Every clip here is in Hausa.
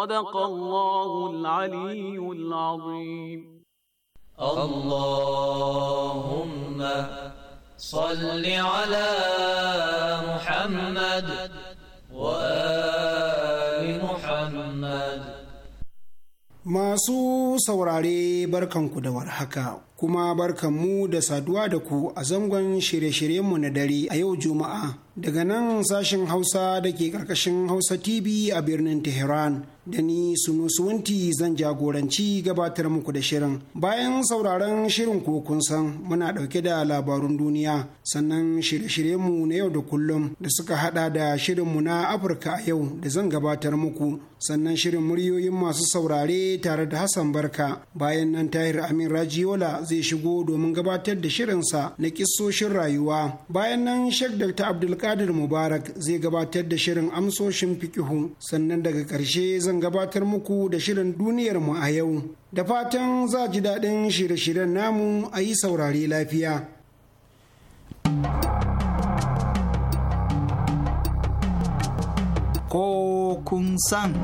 صدق الله العلي العظيم اللهم صل على محمد وآل محمد سو سوراري barkanku da حكاو kuma mu da saduwa da ku a zangon shirye-shiryenmu na dare a yau Juma'a. Daga nan sashen Hausa da ke ƙarƙashin Hausa TV a birnin Tehran. Da ni Sunusuwanti zan jagoranci gabatar muku da shirin. Bayan sauraron shirin ko kun san muna ɗauke da labarun duniya sannan shirye-shiryenmu na yau da kullum da suka haɗa da shirinmu na Afirka a yau da zan gabatar muku. Sannan shirin muryoyin masu saurare tare da Hassan Barka. Bayan nan Tahir Amin Rajiola zai shigo domin gabatar da shirinsa na kissoshin rayuwa bayan nan shek dr abdulkadir mubarak zai gabatar da shirin amsoshin fikihu sannan daga ƙarshe zan gabatar muku da shirin duniyar mu a yau da fatan za ji daɗin shirye-shiryen namu a yi saurare lafiya ko kun san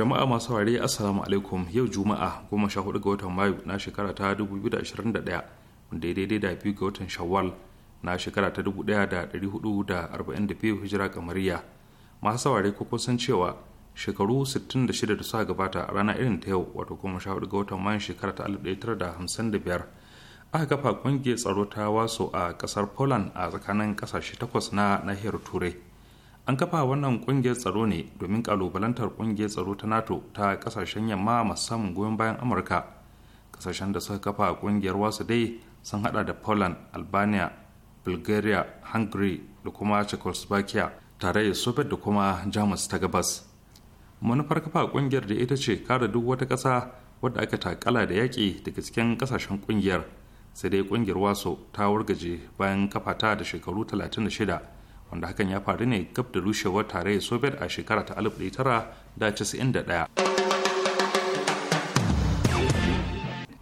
jama'a masu ware assalamu alaikum yau juma'a goma sha hudu ga watan mayu na shekara ta 2021 wanda ya daidai da biyu ga watan shawwal na shekara ta 1442 hijira kamariya masu saurare ko san cewa shekaru 66 da suka gabata a rana irin ta yau wato goma sha hudu ga watan mayu shekara ta 1955 aka kafa kungiyar tsaro ta waso a kasar poland a tsakanin kasashe takwas na nahiyar turai an kafa wannan kungiyar tsaro ne domin kalubalantar kungiyar tsaro ta nato ta kasashen yamma masu samun goyon bayan amurka kasashen da suka kafa kungiyar wasu dai sun hada da poland albania bulgaria hungary da kuma czechoslovakia tare da soviet da kuma jamus ta gabas manufar kafa kungiyar da ita ce kare duk wata ƙasa wadda aka takala da yaƙi daga cikin ƙasashen kungiyar sai dai kungiyar waso ta wargaje bayan kafa ta da shekaru 36 wanda hakan ya faru ne gab da rushewar tarayyar soviet a shekara ta 1991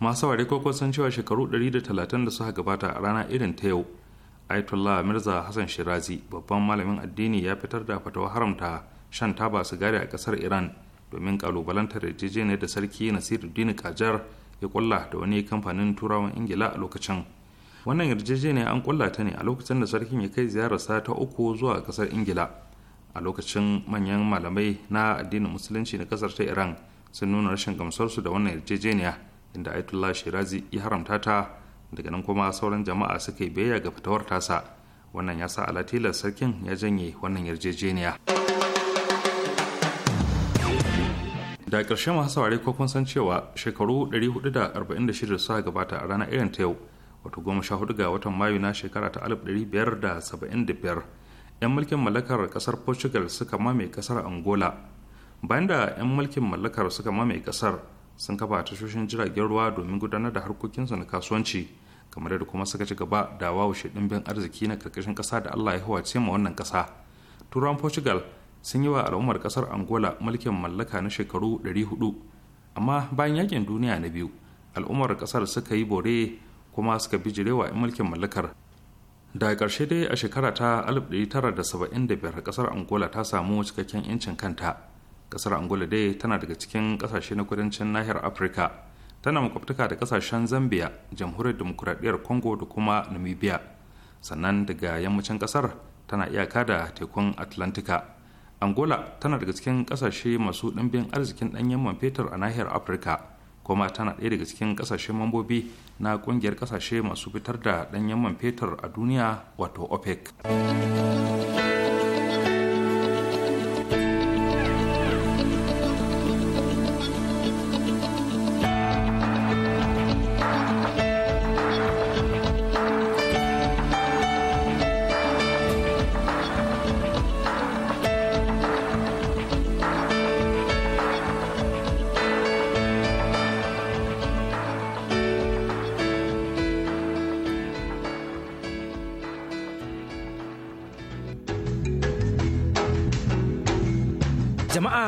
masu ware kokon san cewa shekaru 130 da suka gabata a rana irin ta yau ayatollah mirza hassan shirazi babban malamin addini ya fitar da fatawa haramta shan taba sigari a kasar iran domin kalubalantar yarjejeniyar da sarki nasiruddin kajar ya kulla da wani kamfanin turawan ingila a lokacin wannan yarjejeniya an kulla ta ne a lokacin da sarkin ya kai ziyararsa ta uku zuwa kasar ingila a lokacin manyan malamai na addinin musulunci na kasar ta iran sun nuna rashin gamsarsu da wannan yarjejeniya inda aitullah shirazi ya haramta ta daga nan kuma sauran jama'a suka yi biyayya ga fitawar tasa wannan ya sa alatilar sarkin ya janye wannan yarjejeniya da ƙarshen masu saurari ko kun san cewa shekaru 446 suka gabata a ranar irin ta yau wato goma sha hudu ga watan mayu na shekara ta alif ɗari biyar da da saba'in biyar 'yan mulkin mallakar kasar portugal suka mame kasar angola bayan da 'yan mulkin mallakar suka mame kasar sun kafa tashoshin jiragen ruwa domin gudanar da harkokinsu na kasuwanci kamar da kuma suka ci gaba da wawashe ɗimbin arziki na karkashin kasa da allah ya hawace ma wannan kasa. turan portugal sun yi wa al'ummar kasar angola mulkin mallaka na shekaru 400 amma bayan yakin duniya na biyu al'ummar kasar suka yi bore kuma suka bijirewa mulkin mallakar daga ƙarshe dai a shekara ta 1975 ƙasar angola ta samu cikakken 'yancin kanta ƙasar angola dai tana daga cikin ƙasashe na kudancin nahiyar afirka tana makwabtaka da ƙasashen zambia jamhuriyar demokuraɗiyyar congo da kuma namibia sannan daga yammacin ƙasar tana iyaka da tekun atlantika angola tana daga cikin kasashe masu ɗimbin arzikin ɗanyen man fetur a nahiyar afirka kuma tana ɗaya daga cikin kasashe mambobi na kungiyar kasashe masu fitar da danyen man fetur a duniya wato opec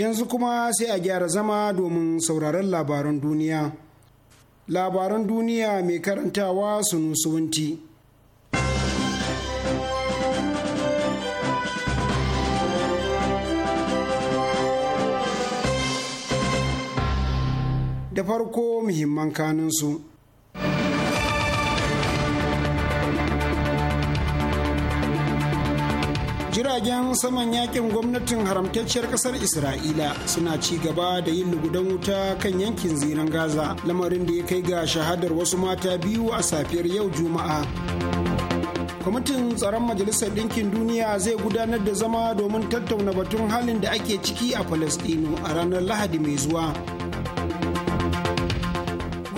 yanzu kuma sai a gyara zama domin sauraron labaran duniya labaran duniya mai karantawa sunu suwanti. da farko muhimman kanunsu. jiragen saman yakin gwamnatin haramtacciyar kasar isra'ila suna ci gaba da yin lugudan wuta kan yankin ziran gaza lamarin da ya kai ga shahadar wasu mata biyu a safiyar yau juma'a kwamitin tsaron majalisar ɗinkin duniya zai gudanar da zama domin tattauna batun halin da ake ciki a falasɗinu a ranar lahadi mai zuwa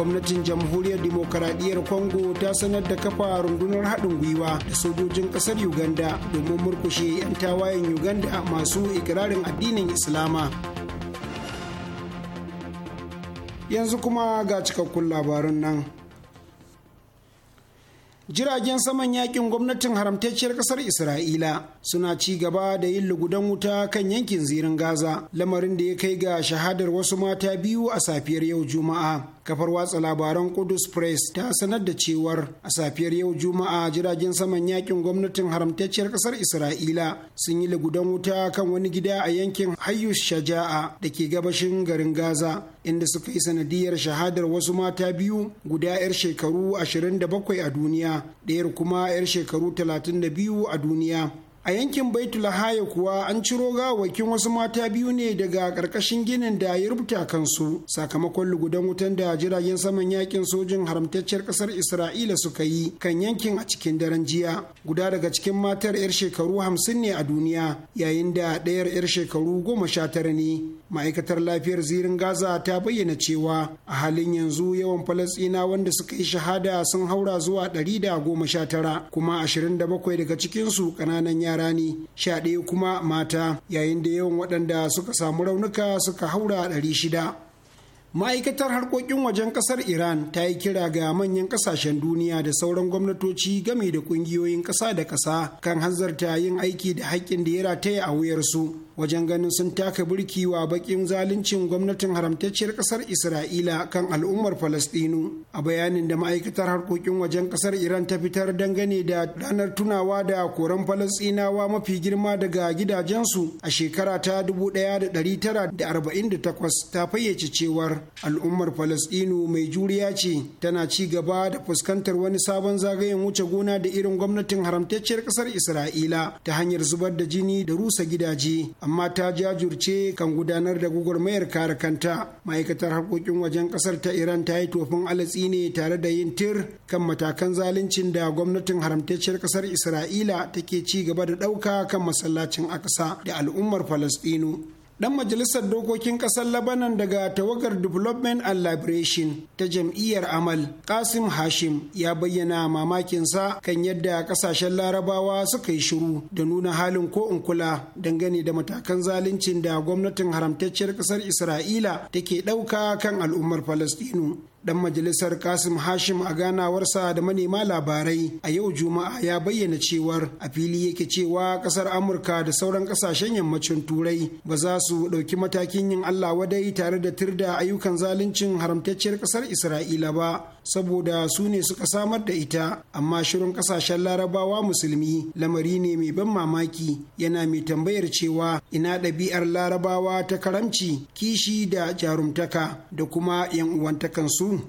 gwamnatin jamhuriyar demokaradiyyar congo ta sanar da kafa rundunar haɗin gwiwa da sojojin ƙasar uganda domin murkushe 'yan tawayen uganda masu ikirarin addinin islama yanzu kuma ga cikakkun labarun nan jiragen saman yakin gwamnatin haramtacciyar kasar isra'ila suna ci gaba da yin lugudan wuta kan yankin zirin gaza lamarin da ya kai ga shahadar wasu mata biyu a safiyar yau juma'a kafar watsa labaran kudus press ta sanar da cewar a safiyar yau juma'a jiragen saman yakin gwamnatin haramtacciyar kasar isra'ila sun yi lagudan wuta kan wani gida a yankin hayyus shaja'a da ke gabashin garin gaza inda suka yi sanadiyar shahadar wasu mata biyu guda 'yar shekaru 27 a duniya ɗayar kuma 'yar shekaru 32 a duniya a yankin baitul haya kuwa an ciro gawakin wasu mata biyu ne daga ƙarƙashin ginin da ya rubuta kansu sakamakon lugudan wutan da jiragen saman yakin sojin haramtacciyar ƙasar isra'ila suka yi kan yankin a cikin daren jiya guda daga cikin matar 'yar shekaru hamsin ne a duniya yayin da ɗayar 'yar shekaru goma sha tara ne ma'aikatar lafiyar zirin gaza ta bayyana cewa a halin yanzu yawan falastina wanda suka yi shahada sun haura zuwa ɗari da goma sha tara kuma ashirin da bakwai daga cikinsu ƙananan yara yara ne sha ɗaya kuma mata yayin da yawan waɗanda suka samu raunuka suka haura ɗari shida ma'aikatar harkokin wajen kasar iran ta yi kira ga manyan kasashen duniya da sauran gwamnatoci game da kungiyoyin kasa da kasa kan hanzarta yin aiki da haƙƙin da ya rataya a wuyarsu wajen ganin sun taka birki wa bakin zaluncin gwamnatin haramtacciyar kasar isra'ila kan al'ummar falastinu a bayanin da ma'aikatar harkokin wajen kasar iran ta fitar dangane da ranar tunawa da koran falastinawa mafi girma daga gidajensu a shekara ta 1948 ta fayyace cewar al'ummar falastinu mai juriya ce tana ci gaba da fuskantar wani sabon zagayen wuce gona da irin gwamnatin haramtacciyar kasar isra'ila ta hanyar zubar da jini da rusa gidaje amma ta jajurce kan gudanar da gugurmayar kare kanta ma'aikatar harkokin wajen kasar ta iran ta yi tofin alatsi ne tare da yin tir kan matakan zaluncin da gwamnatin haramtacciyar kasar isra'ila take ci gaba da dauka kan masallacin akasa da al'ummar falastinu Ɗan majalisar dokokin Ƙasar labanan daga tawagar development and liberation ta jam'iyyar amal kasim hashim ya bayyana mamakinsa kan yadda ƙasashen larabawa suka yi shiru da nuna halin ko in kula dangane da matakan zaluncin da gwamnatin haramtacciyar ƙasar isra'ila take ɗauka kan al'ummar falastinu dan majalisar kasim hashim a ganawarsa da manema labarai a yau juma'a ya bayyana cewar a fili yake cewa kasar amurka da sauran kasashen yammacin turai ba za su ɗauki matakin yin allah wadai tare da tirda ayyukan zaluncin haramtacciyar ƙasar isra'ila ba saboda su ne suka samar da ita amma shirin kasashen larabawa musulmi lamari ne mai ban mamaki yana mai tambayar cewa ina ɗabi'ar larabawa ta karamci kishi da jarumtaka da kuma 'yan uwantakansu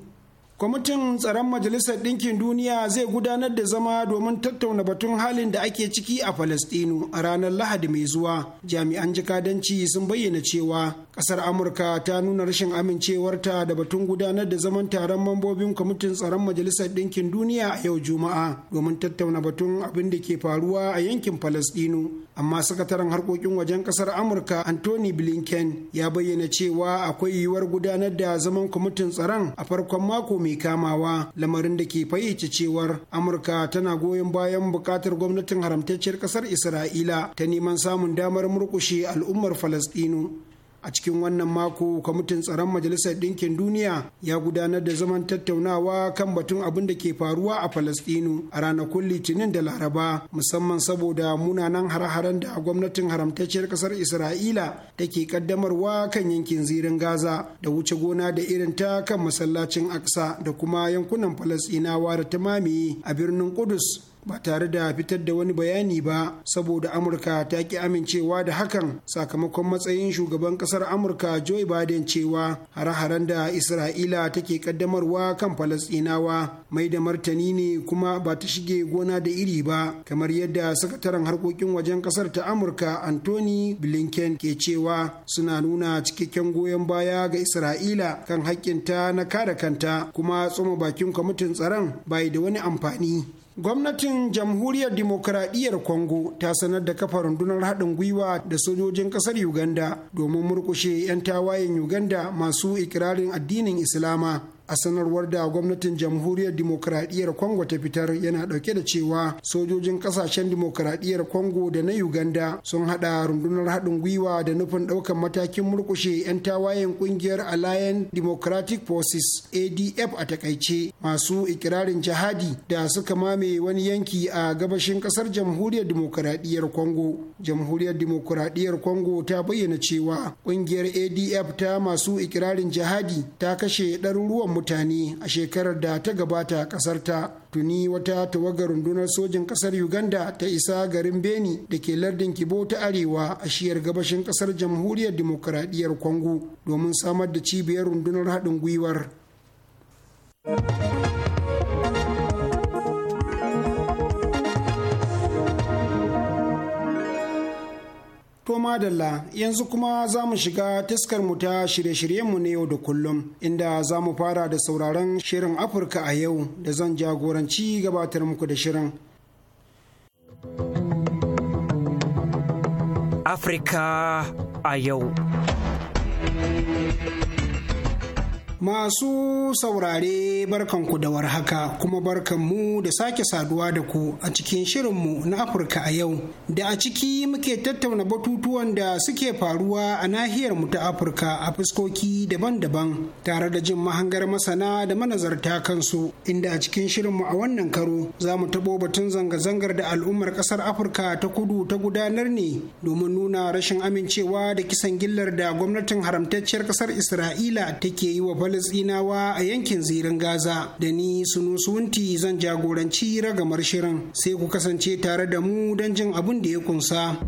kwamitin tsaron majalisar ɗinkin duniya zai gudanar da zama domin tattauna batun halin da ake ciki a falastinu a ranar lahadi mai zuwa jami'an jikadanci sun bayyana cewa ƙasar amurka ta nuna rashin amincewarta da batun gudanar da zaman taron mambobin kwamitin tsaron majalisar ɗinkin duniya a yau juma'a domin tattauna batun abin da ke faruwa a yankin falastinu amma sakataren harkokin wajen ƙasar amurka anthony blinken ya bayyana cewa akwai yiwuwar gudanar da zaman kwamitin tsaron a farkon mako mai mai kamawa lamarin da ke fayyace cewar amurka tana goyon bayan bukatar gwamnatin haramtacciyar kasar isra'ila ta neman samun damar murkushe al'ummar falastinu a cikin wannan mako kwamitin tsaron majalisar ɗinkin duniya ya gudanar da zaman tattaunawa kan batun abin da ke faruwa a falastinu a ranakun litinin da laraba musamman saboda munanan hare-haren da gwamnatin haramtacciyar ƙasar isra'ila ke ƙaddamarwa kan yankin zirin gaza da wuce gona da irin ta kan masallacin aksa da kuma yankunan falastinawa da ta mamaye a birnin kudus ba tare da fitar da wani bayani ba saboda amurka ta ki amincewa da hakan sakamakon matsayin shugaban kasar amurka joe biden cewa hare-haren da isra'ila take kaddamarwa kan Falasdinawa mai da martani ne kuma ba ta shige gona da iri ba kamar yadda sakataren harkokin wajen kasar ta amurka anthony blinken ke cewa suna nuna cikakken goyon baya ga isra'ila kan ta na kare kanta kuma tsoma bakin kwamitin tsaron bai da wani amfani Gwamnatin Jamhuriyar Dimokuraɗiyyar kongo ta sanar da kafa rundunar haɗin gwiwa da sojojin ƙasar Uganda domin murƙushe 'yan tawayen Uganda masu ikirarin addinin Islama. a sanarwar da gwamnatin jamhuriyar demokradiyyar Kongo ta fitar yana ɗauke da cewa sojojin ƙasashen demokradiyyar Kongo da na uganda sun haɗa rundunar haɗin gwiwa da nufin ɗaukar matakin murkushe 'yan tawayen ƙungiyar alliance democratic forces adf a takaice masu ikirarin jihadi da suka mame wani yanki a gabashin ƙasar jamhuriyar demokradiyyar Kongo. jamhuriyar demokradiyyar Kongo ta bayyana cewa ƙungiyar adf ta masu ikirarin jihadi ta kashe ɗaruruwan mutane a shekarar da ta gabata a kasar ta tuni wata tawagar rundunar sojin kasar uganda ta isa garin beni da ke lardin kibo ta arewa a shiyar gabashin kasar jamhuriyar dimokuraɗiyyar kongo domin samar da cibiyar rundunar haɗin gwiwar To madalla yanzu kuma za mu shiga mu ta shirye-shiryenmu na yau da kullum inda za mu fara da sauraron shirin Afirka a yau da zan jagoranci gabatar muku da shirin. Afirka a yau. Masu saurare barkanku da warhaka kuma barkanmu da sake saduwa da ku a cikin shirinmu na Afirka a yau da a ciki muke tattauna batutuwan da suke faruwa a nahiyar mu ta Afirka a fuskoki daban-daban tare da jin mahangar masana da manazarta kansu inda a cikin shirinmu a wannan karo za mu tabo batun zanga-zangar da al'ummar kasar Afirka ta kudu ta gudanar ne domin nuna rashin amincewa da kisan gillar da gwamnatin haramtacciyar kasar Isra'ila take yi wa falasɗinawa a yankin zirin gaza da ni sunu suwunti zan jagoranci ragamar shirin sai ku kasance tare da mu don jin abin da ya kunsa.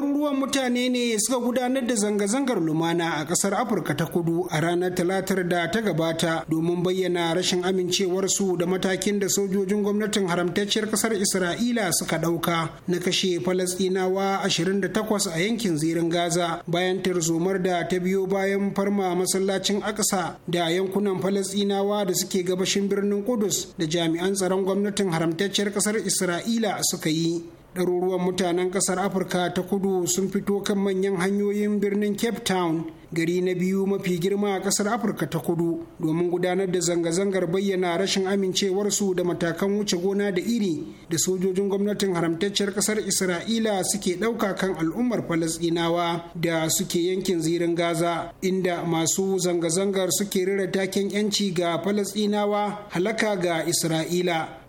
ɗaruruwan mutane ne suka gudanar da zanga-zangar lumana a ƙasar afirka ta kudu a ranar talatar da ta gabata domin bayyana rashin amincewarsu da matakin da sojojin gwamnatin haramtacciyar ƙasar isra'ila suka ɗauka na kashe falasɗinawa 28 a yankin zirin gaza bayan tarzomar da ta biyo bayan farma masallacin aksa da yankunan falasɗinawa da suke gabashin birnin kudus da jami'an tsaron gwamnatin haramtacciyar ƙasar isra'ila suka yi ɗaruruwan mutanen ƙasar afirka ta kudu sun fito kan manyan hanyoyin birnin cape town gari na biyu mafi girma a ƙasar afirka ta kudu domin gudanar da zanga-zangar bayyana rashin amincewarsu da matakan wuce gona da iri da sojojin gwamnatin haramtacciyar ƙasar isra'ila suke ɗauka kan al'ummar falasɗinawa da suke yankin zirin gaza inda masu zanga-zangar suke rira taken yanci ga falasɗinawa halaka ga isra'ila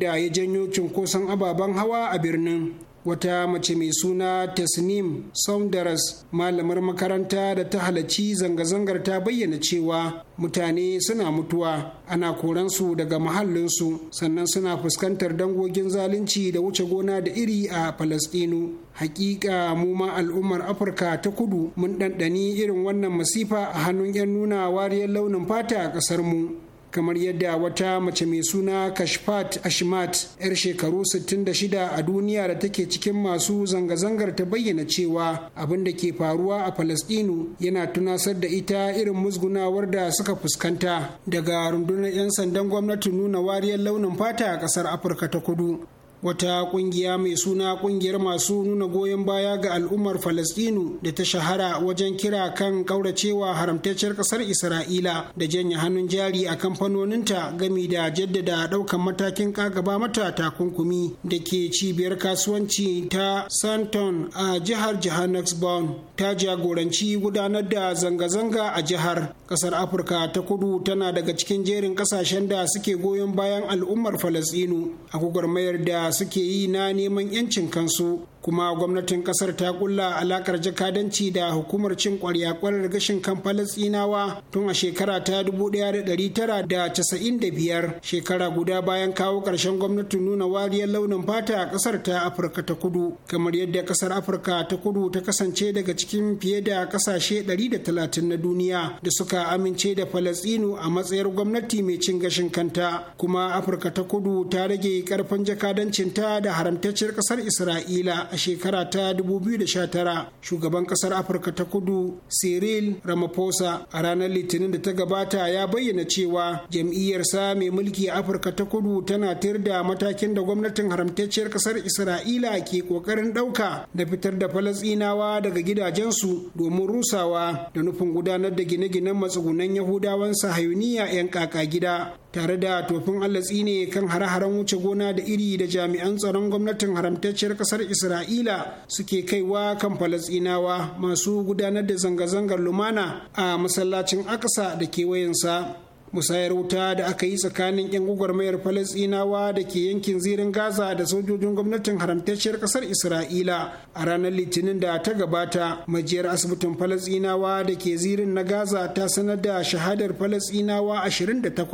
da ya janyo cunkoson ababen hawa a birnin wata mace mai suna tasnim saundaras malamar makaranta da ta halarci zanga-zangar ta bayyana cewa mutane suna mutuwa ana koransu daga mahallinsu sannan suna fuskantar dangogin zalunci da wuce gona da iri a falastinu hakika mu ma al'ummar afirka ta kudu mun ɗanɗani irin wannan masifa a hannun 'yan nuna wariyar launin fata a ƙasar mu kamar yadda wata mace mai suna kashfat ashmat yar shekaru 66 a duniya da take cikin masu zanga-zangar ta bayyana cewa abin da ke faruwa a Falasɗinu yana tunasar da ita irin musgunawar da suka fuskanta daga rundunar 'yan sandan gwamnati nuna wariyar launin fata a kasar Afirka ta Kudu. wata kungiya mai suna kungiyar masu nuna goyon baya ga al'ummar falastinu da ta shahara wajen kira kan kauracewa haramtacciyar kasar isra'ila da janye hannun jari a kamfanoninta gami da jaddada daukan matakin kagaba mata takunkumi da ke cibiyar kasuwanci ta santon a jihar johannesburg ta jagoranci gudanar da zanga-zanga a jihar kasar afirka ta kudu tana daga cikin jerin kasashen da suke goyon bayan al'ummar falastinu a gwagwarmayar da suke yi na neman 'yancin kansu kuma gwamnatin kasar ta kulla alakar jakadanci da hukumar cin kwarya-kwarar gashin kan falasinawa tun a shekara ta 1995 shekara guda bayan kawo ƙarshen gwamnatin nuna wariyar launin fata a kasar ta afirka ta kudu kamar yadda kasar afirka ta kudu ta kasance daga cikin fiye da kasashe 130 na duniya da suka amince da falasinu a matsayar gwamnati mai cin gashin kanta kuma afirka ta kudu ta rage karfin jakadanci 'yancinta da haramtacciyar kasar Isra'ila a shekara ta 2019 shugaban kasar Afirka ta kudu Cyril Ramaphosa a ranar Litinin da ta gabata ya bayyana cewa jam'iyyarsa mai mulki a Afirka ta kudu tana tir da matakin da gwamnatin haramtacciyar kasar Isra'ila ke ƙoƙarin ɗauka da fitar da falasinawa daga gidajensu domin rusawa da nufin gudanar da gine-ginen matsugunan Yahudawan sahayuniya 'yan kaka gida tare da tofin Allah tsine kan hare-haren wuce gona da iri da jami'an tsaron gwamnatin haramtacciyar kasar isra'ila suke kaiwa kan falasinawa masu gudanar da zanga-zangar lumana a masallacin aksa da kewayensa musayar wuta da aka yi tsakanin 'yan gwagwarmayar falasinawa da ke yankin zirin gaza da sojojin gwamnatin haramtacciyar kasar isra'ila a ranar litinin da ta gabata majiyar asibitin falasinawa da ke zirin na gaza ta sanar da shahadar falasinawa 28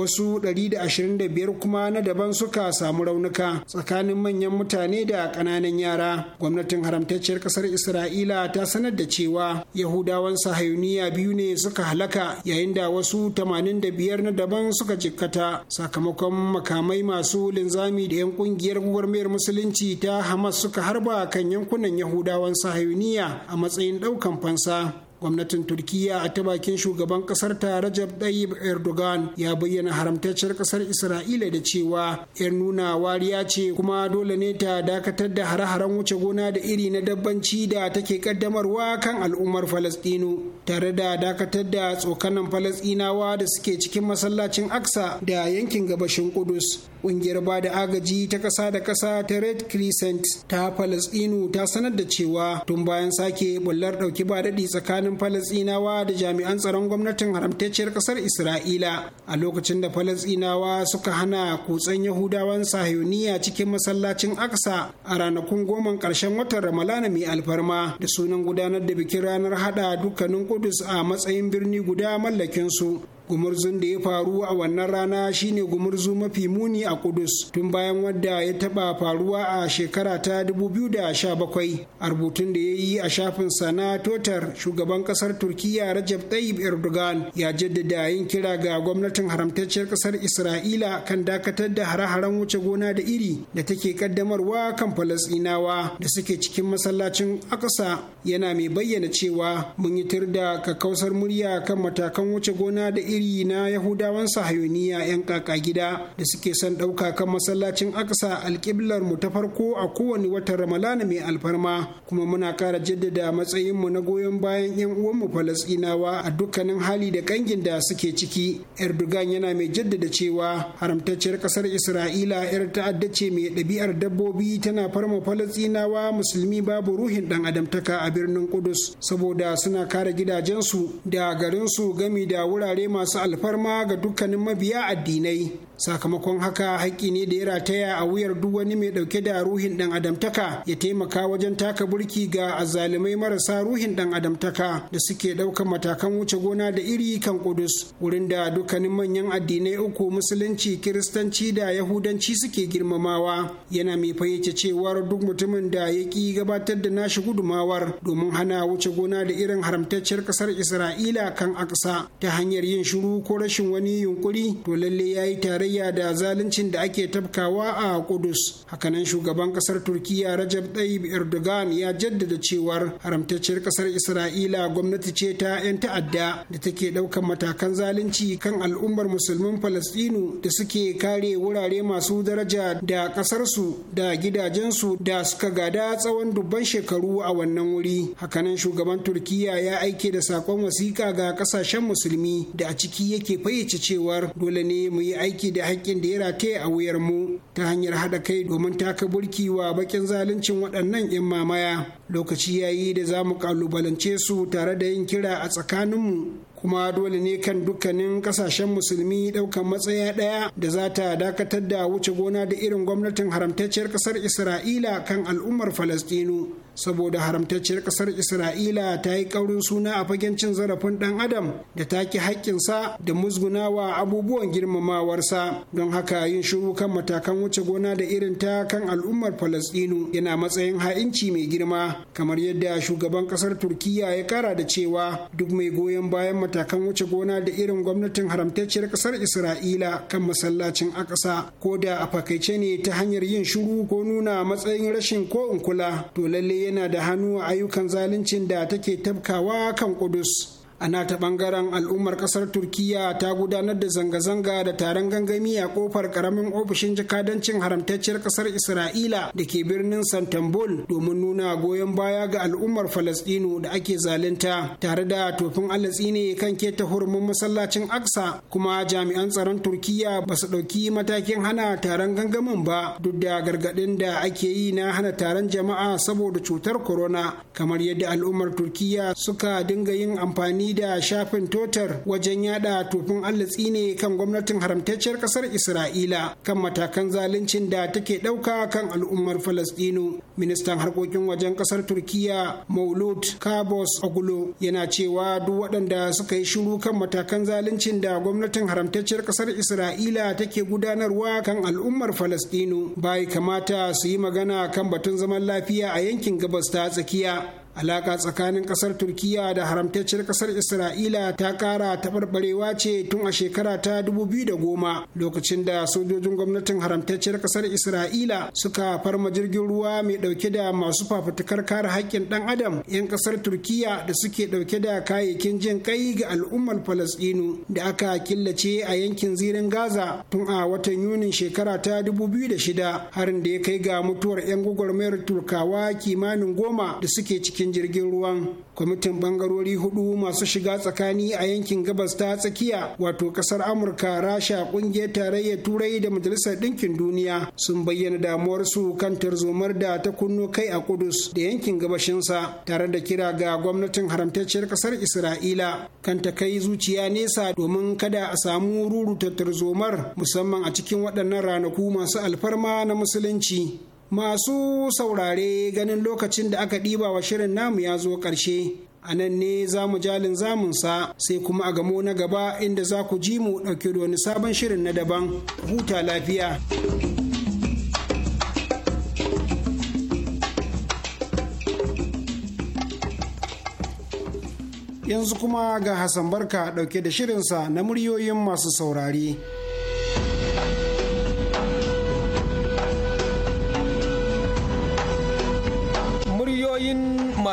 wasu 125 kuma na daban suka samu raunuka tsakanin manyan mutane da ƙananan yara gwamnatin haramtacciyar kasar isra'ila ta sanar da cewa yahudawan sahayuniya biyu ne suka halaka yayin da wasu 80 da biyar na daban suka jikkata sakamakon makamai masu linzami da 'yan kungiyar gwagwarmayar musulunci ta hamas suka harba kan yankunan yahudawan sahayuniya a matsayin daukan fansa gwamnatin turkiya a ta bakin shugaban kasar ta rajab tayyip erdogan ya bayyana haramtacciyar kasar isra'ila da cewa yar nuna wariya ce kuma dole ne ta dakatar da hare-haren wuce gona da iri na dabbanci da take kaddamarwa kan al'ummar falastinu tare da dakatar da tsokanan falastinawa da suke cikin masallacin aksa da yankin gabashin kudus ƙungiyar ba da agaji ta ƙasa da ƙasa ta red crescent ta falastinu ta sanar da cewa tun bayan sake bullar ɗauki ba daɗi tsakanin tsakanin falasinawa da jami'an tsaron gwamnatin haramtacciyar kasar isra'ila a lokacin da falasinawa suka hana kutsen yahudawan sahiyoniya cikin masallacin aksa a ranakun goman ƙarshen watan ramalana mai alfarma da sunan gudanar da bikin ranar hada dukkanin kudus a matsayin birni guda mallakinsu gumurzun da ya faru a wannan rana shine gumurzu mafi muni a kudus tun bayan wadda ya taba faruwa a shekara ta 2017 a rubutun da ya yi a shafin sana totar shugaban kasar turkiya rajab tayyip erdogan ya jaddada yin kira ga gwamnatin haramtacciyar kasar isra'ila kan dakatar da hare-haren wuce gona da iri da take kaddamarwa kan falasinawa da suke cikin masallacin akasa yana mai bayyana cewa mun yi tur da kakkausar murya kan matakan wuce gona da iri iri na yahudawan sahayoniya 'yan kaka gida da suke son ɗauka kan masallacin aksa alƙiblar mu ta farko a kowane watan ramalana mai alfarma kuma muna ƙara jaddada matsayin mu na goyon bayan 'yan uwanmu falasɗinawa a dukkanin hali da kangin da suke ciki erdogan yana mai jaddada cewa haramtacciyar ƙasar isra'ila 'yar ta'adda ce mai ɗabi'ar dabbobi tana farma falasɗinawa musulmi babu ruhin ɗan adamtaka a birnin kudus saboda suna kare gidajensu da garinsu gami da wurare masu masu alfarma ga dukkanin mabiya addinai sakamakon haka haƙƙi ne da ya rataya a wuyar duk wani mai ɗauke da ruhin ɗan adamtaka ya taimaka wajen taka burki ga azzalumai marasa ruhin ɗan adamtaka da suke ɗaukar matakan wuce gona da iri kan kudus wurin da dukkanin manyan addinai uku musulunci kiristanci da yahudanci suke girmamawa yana mai fayyace cewar duk mutumin da ya ƙi gabatar da nashi gudumawar domin hana wuce gona da irin haramtacciyar ƙasar isra'ila kan aksa ta hanyar yin shiru ko rashin wani yunkuri to lalle ya yi tare tarayya da zaluncin da ake tafkawa a Kudus. Hakanan shugaban kasar Turkiya Rajab Tayyip Erdogan ya jaddada cewar haramtacciyar kasar Isra'ila gwamnati ce ta 'yan ta'adda da take ɗaukan matakan zalunci kan al'ummar musulmin Falastinu da suke kare wurare masu daraja da ƙasarsu da gidajensu da suka gada tsawon dubban shekaru a wannan wuri. Hakanan shugaban Turkiya ya aike da saƙon wasiƙa ga ƙasashen musulmi da a ciki yake fayyace cewar dole ne mu yi aiki da haƙƙin da ya rataye a wuyar mu ta hanyar haɗa kai domin taka burki wa bakin zaluncin waɗannan 'yan mamaya lokaci yayi da za mu ƙalubalance su tare da yin kira a tsakaninmu kuma dole ne kan dukkanin kasashen musulmi ɗaukar matsaya ɗaya da za ta dakatar da wuce gona da irin gwamnatin haramtacciyar ƙasar isra'ila kan al'ummar falastinu saboda haramtacciyar ƙasar isra'ila ta yi ƙaurin suna a fagen cin zarafin ɗan adam da ta ki haƙƙinsa da musgunawa abubuwan girmamawarsa don haka yin shiru kan matakan wuce gona da irin ta kan al'ummar Falasɗinu yana matsayin ha'inci mai girma kamar yadda shugaban ƙasar turkiya ya kara da cewa duk mai goyon bayan matakan wuce gona da irin gwamnatin haramtacciyar ƙasar isra'ila kan masallacin akasa ko da a fakaice ne ta hanyar yin shiru ko nuna matsayin rashin ko in kula to lalle yana da hannu a ayyukan zaluncin da take tabkawa kan Kudus. ana ta bangaren al'ummar kasar turkiya ta gudanar da zanga-zanga da taron gangami a kofar karamin ofishin jakadancin haramtacciyar kasar isra'ila da ke birnin santambul domin nuna goyon baya ga al'ummar falastinu da ake zalunta tare da tofin alatsi ne kan keta hurumin masallacin aksa kuma jami'an tsaron turkiya ba su ɗauki matakin hana taron gangamin ba duk da gargaɗin da ake yi na hana taron jama'a saboda cutar corona kamar yadda al'ummar turkiya suka dinga yin amfani amfani da shafin totar wajen yada tofin allatsi ne kan gwamnatin haramtacciyar kasar isra'ila kan matakan zaluncin da take dauka kan al'ummar falastinu ministan harkokin wajen kasar turkiya maulud kabos ogulo yana cewa duk waɗanda suka yi shiru kan matakan zaluncin da gwamnatin haramtacciyar kasar isra'ila take gudanarwa kan al'ummar falastinu bai kamata su yi magana kan batun zaman lafiya a yankin gabas ta tsakiya alaka tsakanin kasar turkiya da haramtacciyar kasar isra'ila ta kara taɓarɓarewa ce tun a shekara ta 2010 lokacin da sojojin gwamnatin haramtacciyar kasar isra'ila suka farma jirgin ruwa mai ɗauke da masu fafutukar kare haƙƙin ɗan adam 'yan kasar turkiya da suke ɗauke da kayayyakin jin kai ga al'ummar falasɗinu da aka killace a yankin zirin gaza tun a watan yunin shekara ta 2006 harin da ya kai ga mutuwar 'yan gwagwarmayar turkawa kimanin goma da suke cikin cikin jirgin ruwan kwamitin bangarori hudu masu shiga tsakani a yankin gabas ta tsakiya wato kasar amurka rasha kungiyar tarayyar turai da majalisar ɗinkin duniya sun bayyana damuwarsu kan tarzomar da ta kunno kai a kudus da yankin gabashinsa tare da kira ga gwamnatin haramtacciyar kasar isra'ila kan ta kai zuciya nesa domin kada a samu ruruta tarzomar musamman a cikin waɗannan ranaku masu alfarma na musulunci masu saurare ganin lokacin da aka ɗiba wa shirin namu ya zo ƙarshe a nan ne za mu jalin zamunsa sai kuma a gamo na gaba inda za ku ji mu ɗauke da wani sabon shirin na daban huta lafiya. yanzu kuma ga Hassan Barka ɗauke da shirinsa na muryoyin masu saurare.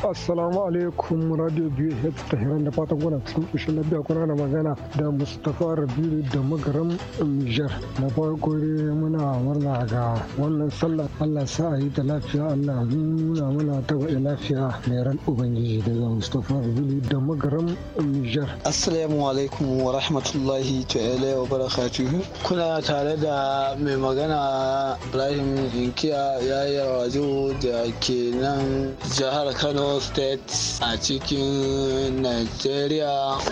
Assalamu alaikum Radio Biyu ta hirar da fatan kuna cikin ƙushin lafiya kuna da magana da Mustapha Rabiru da magaram Nijar. Na farko dai muna murna ga wannan sallar Allah sa a yi ta lafiya Allah nuna muna ta baɗi lafiya mai ran Ubangiji daga Mustapha Rabiru da magaram Nijar. Assalamu alaikum wa rahmatullahi ta'ala wa barakatuhu. Kuna tare da mai magana Ibrahim Inkiya yayin rajo da ke nan jihar Kano State a cikin Nigeria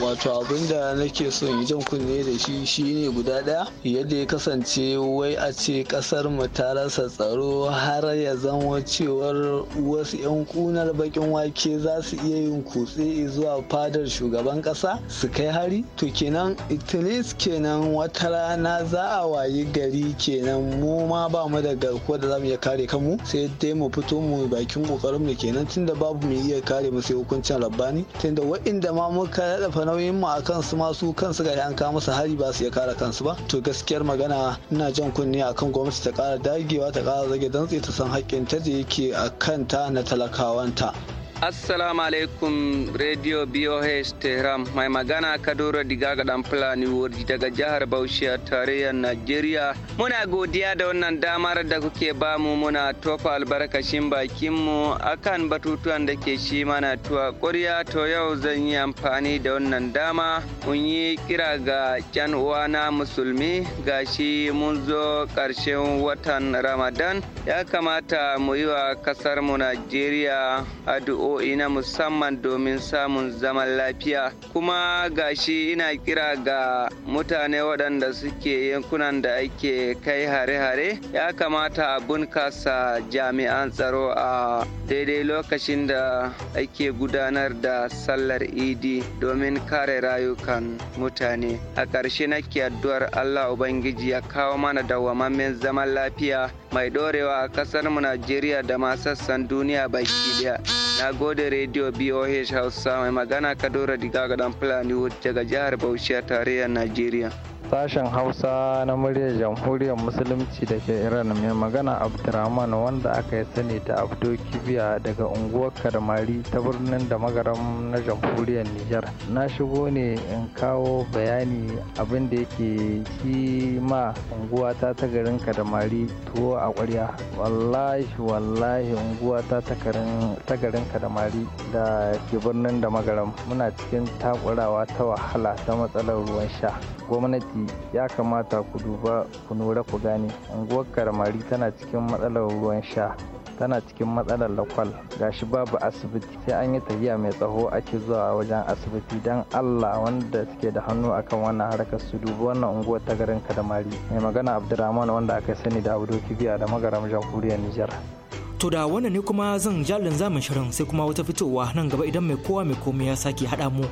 wato abinda nake son yi jan kunne da shi shine guda daya yadda ya kasance wai a ce kasar mu ta rasa tsaro har ya zama cewar wasu 'yan kunar bakin wake za su iya yin kutse zuwa fadar shugaban kasa su kai hari to kenan itilis kenan wata rana za a wayi gari kenan mu ma ba mu da garkuwa da za mu iya kare kanmu sai dai mu fito mu bakin kokarin mu kenan tunda babu mu iya kare musu hukuncin rabbani tunda waɗanda ma muka dafa nauyin mu a kansu ma su kansu ga an kawo musu hari ba su ya kare kansu ba to gaskiyar magana ina jan kunne akan gwamnati ta ƙara dagewa ta ƙara zage dantse ta san haƙƙin ta da yake a kanta na talakawanta Assalamu alaikum Radio BOH Tehran mai magana Kadoro Digaga dan Fulani Wurdi daga jihar Bauchi a tarayyar Najeriya. Muna godiya da wannan damar da kuke bamu muna tofa albarkashin bakinmu akan batutuwan da ke shi mana tuwa ƙwarya to yau zan yi amfani da wannan dama mun yi kira ga can uwana musulmi gashi mun zo ƙarshen watan Ramadan ya kamata mu yi wa ƙasarmu Najeriya addu'o addu'o'i na musamman domin samun zaman lafiya kuma gashi ina kira ga mutane waɗanda suke yankunan da ake kai hare-hare ya kamata a bunkasa jami'an tsaro a daidai lokacin da ake gudanar da sallar idi domin kare rayukan mutane a ƙarshe nake addu'ar allah ubangiji ya kawo mana dawwamammen zaman lafiya mai ɗorewa a ƙasarmu najeriya da ma sassan duniya baki daya Na gode Radio BOH Hausa mai magana kadora Diga ga dan Fulani daga jihar Bauchi a tarayyar Najeriya. Sashen Hausa na muryar Jamhuriyar Musulunci da ke Iran mai magana Abdurrahman wanda aka yi sani da Abdo Kibiya daga unguwar Karmari ta birnin da magaram na Jamhuriyar Nijar. Na shigo ne in kawo bayani abin da yake shi ma unguwata ta garin Karmari tuwo a kwarya Wallahi wallahi ta ta garin kadamari da ke birnin da magaram muna cikin takurawa ta wahala ta matsalar ruwan sha gwamnati ya kamata ku duba ku nura ku gane unguwar karamari tana cikin matsalar ruwan sha tana cikin matsalar lakwal gashi babu asibiti sai an yi tafiya mai tsaho ake zuwa wajen asibiti don allah wanda suke da hannu akan wannan harkar su dubi wannan unguwar ta garin kadamari mai magana abdurrahman wanda aka sani da abu biya da magaram jamhuriyar nijar To da wannan ne kuma zan jalin zamin shirin sai kuma wata fitowa nan gaba idan mai kowa mai komai ya sake haɗa mu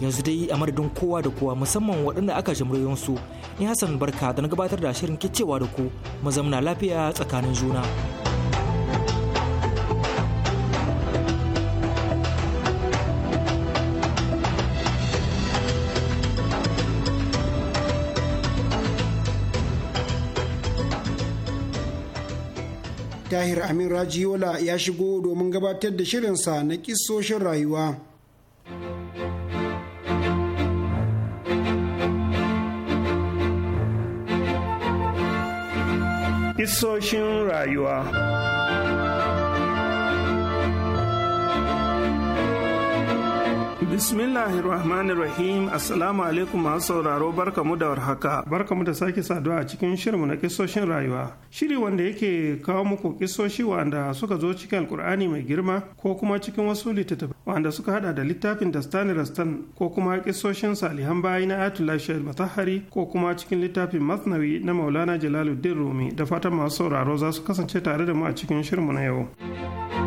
yanzu dai a madadin kowa da kowa musamman waɗanda aka jimriyon su in Hassan Barka da na gabatar da shirin kicewa da ku mazamna lafiya tsakanin juna. tahir amin rajiola ya shigo domin gabatar da shirinsa na kisoshin rayuwa Isoshin rayuwa Bismillahirrahmanirrahim Assalamu alaikum masu sauraro barkamu da warhaka. Barkamu da sake saduwa a cikin shirinmu na kisoshin rayuwa. Shiri wanda yake kawo muku kisoshi wanda suka zo cikin alkur'ani mai girma ko kuma cikin wasu littattafai wanda suka hada da littafin Dastani Rastan ko kuma kisoshin Salihan Bayi na Atullah Shahid Matahari ko kuma cikin littafin Masnawi na Maulana Jalaluddin Rumi da fatan masu sauraro za su kasance tare da mu a cikin shirinmu na yau.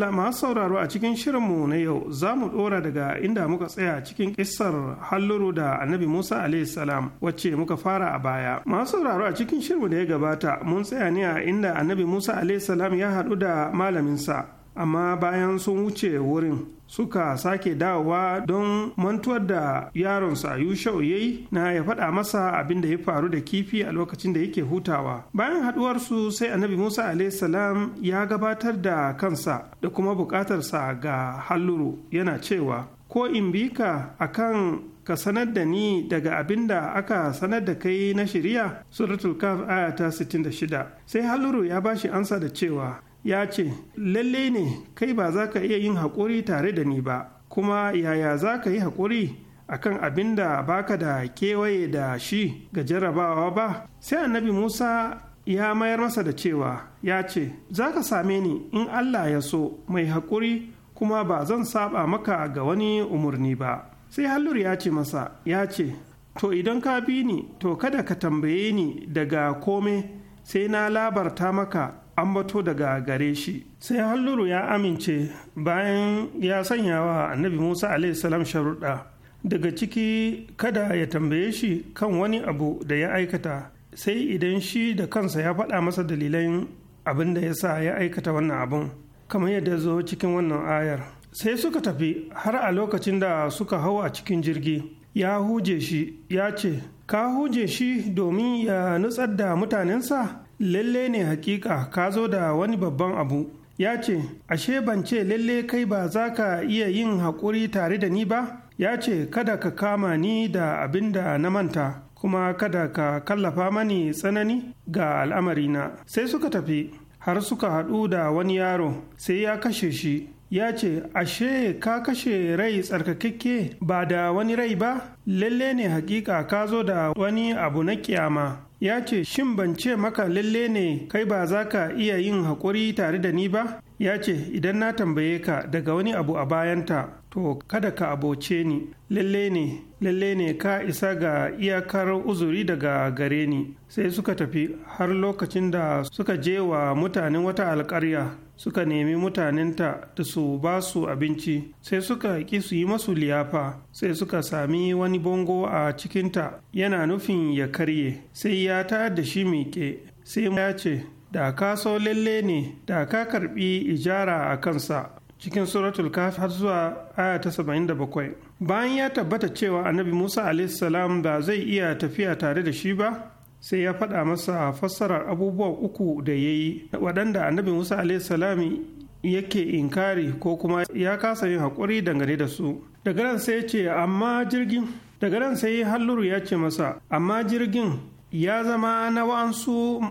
madalla masu sauraro a cikin shirinmu na yau za mu ɗora daga inda muka tsaya cikin ƙisar halluru da annabi musa salam wacce muka fara a baya masu sauraro a cikin shirinmu da ya gabata mun tsaya ne a inda annabi musa salam ya haɗu da malaminsa amma bayan sun wuce wurin suka sake dawowa don mantuwar da yaron yushau ya yi na ya faɗa masa abin da ya faru da kifi a lokacin da yake hutawa bayan haɗuwarsu sai annabi musa salam ya gabatar da kansa da kuma buƙatarsa ga halluru yana cewa ko in bi ka akan ka sanar da ni daga abin da aka sanar da kai na shirya suratul kaf aya ta 66 sai halluru ya bashi ansa da cewa ya ce lalle ne kai ba za ka iya yin haƙuri tare da ni ba kuma yaya za ka yi haƙuri a kan abin da baka da kewaye da shi ga jarrabawa ba sai annabi musa ya mayar masa da cewa ya ce za ka same ni in allah ya so mai haƙuri kuma ba zan saba maka ga wani umarni ba sai hallur ya ce masa ya ce to idan ka bi ni to kada ka tambaye ni daga kome sai na labarta maka ambato daga gare shi sai halluru ya amince bayan ya sanya wa annabi musa salam sharuɗa daga ciki kada ya tambaye shi kan wani abu da ya aikata sai idan shi da kansa ya faɗa masa dalilan abin da ya sa ya aikata wannan abun kamar yadda zo cikin wannan ayar sai suka tafi har a lokacin da suka hau a cikin jirgi ya huje shi ya ce ka huje shi domin ya nutsar da mutanensa lalle ne hakika ka zo da wani babban abu ya ce ashe ban ce lalle kai ba za ka iya yin haƙuri tare da ni ba ya ce kada ka kama ni da abin da na manta kuma kada ka kallafa mani tsanani ga al'amarina sai suka tafi har suka haɗu da wani yaro sai ya kashe shi ya ce ashe ka kashe rai tsarkakakke ba da wani rai ba lalle ne hakika ka zo da wani abu na kiyama ya ce shin ban ce maka lalle ne kai ba za ka iya yin haƙuri tare da ni ba ya ce idan na tambaye ka daga wani abu a bayanta to kada ka aboce ni lalle ne lalle ne ka isa ga iyakar uzuri daga gare ni sai suka tafi har lokacin da suka je wa mutanen wata alkarya suka nemi mutanenta da su ba su abinci sai suka ki su yi masu liyafa sai suka sami wani bongo a cikinta yana nufin ya karye sai ya tayar da shi miƙe sai ya ce da ka so lalle ne da ka karbi ijara a kansa cikin suratul kaf har zuwa aya ta 77 bayan ya tabbata cewa annabi musa salam ba zai iya tafiya tare da shi ba sai ya faɗa masa fassarar abubuwa uku da ya yi waɗanda annabi musa salam yake inkari ko kuma ya kasa yin haƙuri dangane da su daga nan sai ce amma jirgin daga nan sai halluru ya ce masa amma jirgin ya zama na wa'ansu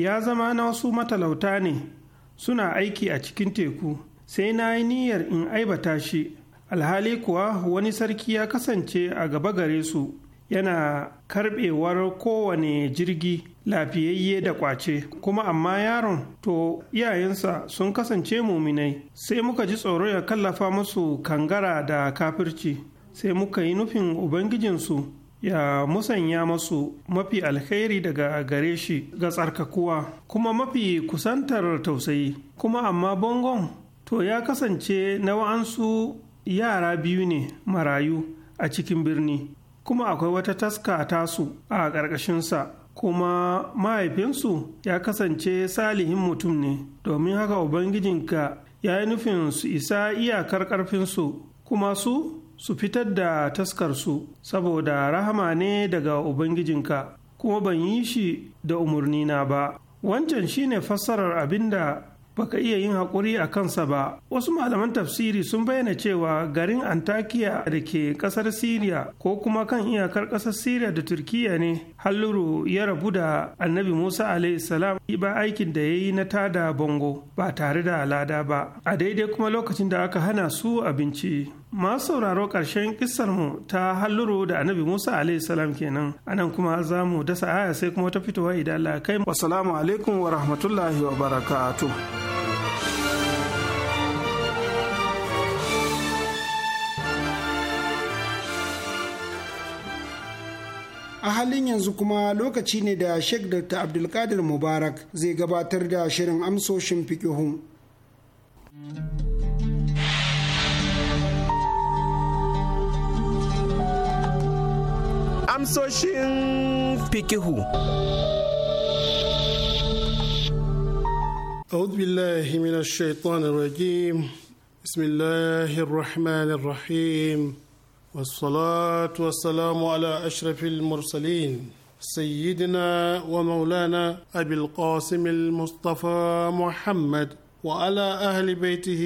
ya zama na wasu matalauta ne suna aiki a cikin teku sai na yi niyyar in aibata shi alhali kuwa wani sarki ya kasance a gaba gare su yana karbewar kowane jirgi lafiyayye da kwace kuma amma yaron to iyayensa sun kasance muminai sai muka ji tsoro ya kallafa musu kangara da kafirci sai muka yi nufin ubangijinsu ya musanya masu mafi alheri daga gare shi ga tsarkakuwa kuma mafi kusantar tausayi kuma amma bongon to ya kasance na wa'ansu yara biyu ne marayu a cikin birni kuma akwai wata taska a tasu a ƙarƙashinsa kuma mahaifinsu ya kasance salihin mutum ne domin haka ubangijinka ya yi nufin su isa iyakar ƙarfinsu kuma su su fitar da taskarsu saboda rahama ne daga ubangijinka kuma ban yi shi da umarnina ba wancan shine fassarar abin da baka iya yin haƙuri a kansa ba wasu malaman tafsiri sun bayyana cewa garin antakiya da ke ƙasar siriya ko kuma kan iyakar ƙasar siriya da Turkiyya ne halluru ya rabu da annabi musa salam ba aikin da ya yi na tada bongo ba tare da alada ba a daidai kuma lokacin da aka hana su abinci masu sauraro ƙarshen mu ta halluru da annabi musa salam kenan A nan kuma za mu dasa aya sai kuma ta fitowa idan allah kai wasu alaikum wa rahmatullahi wa barakatuh a halin yanzu kuma lokaci ne da sheikh dr abdulkadir mubarak zai gabatar da shirin amsoshin fikihun amsoshin fikihu أعوذ بالله من الشيطان الرجيم بسم الله الرحمن الرحيم والصلاة والسلام على أشرف المرسلين سيدنا ومولانا أبي القاسم المصطفى محمد وعلى أهل بيته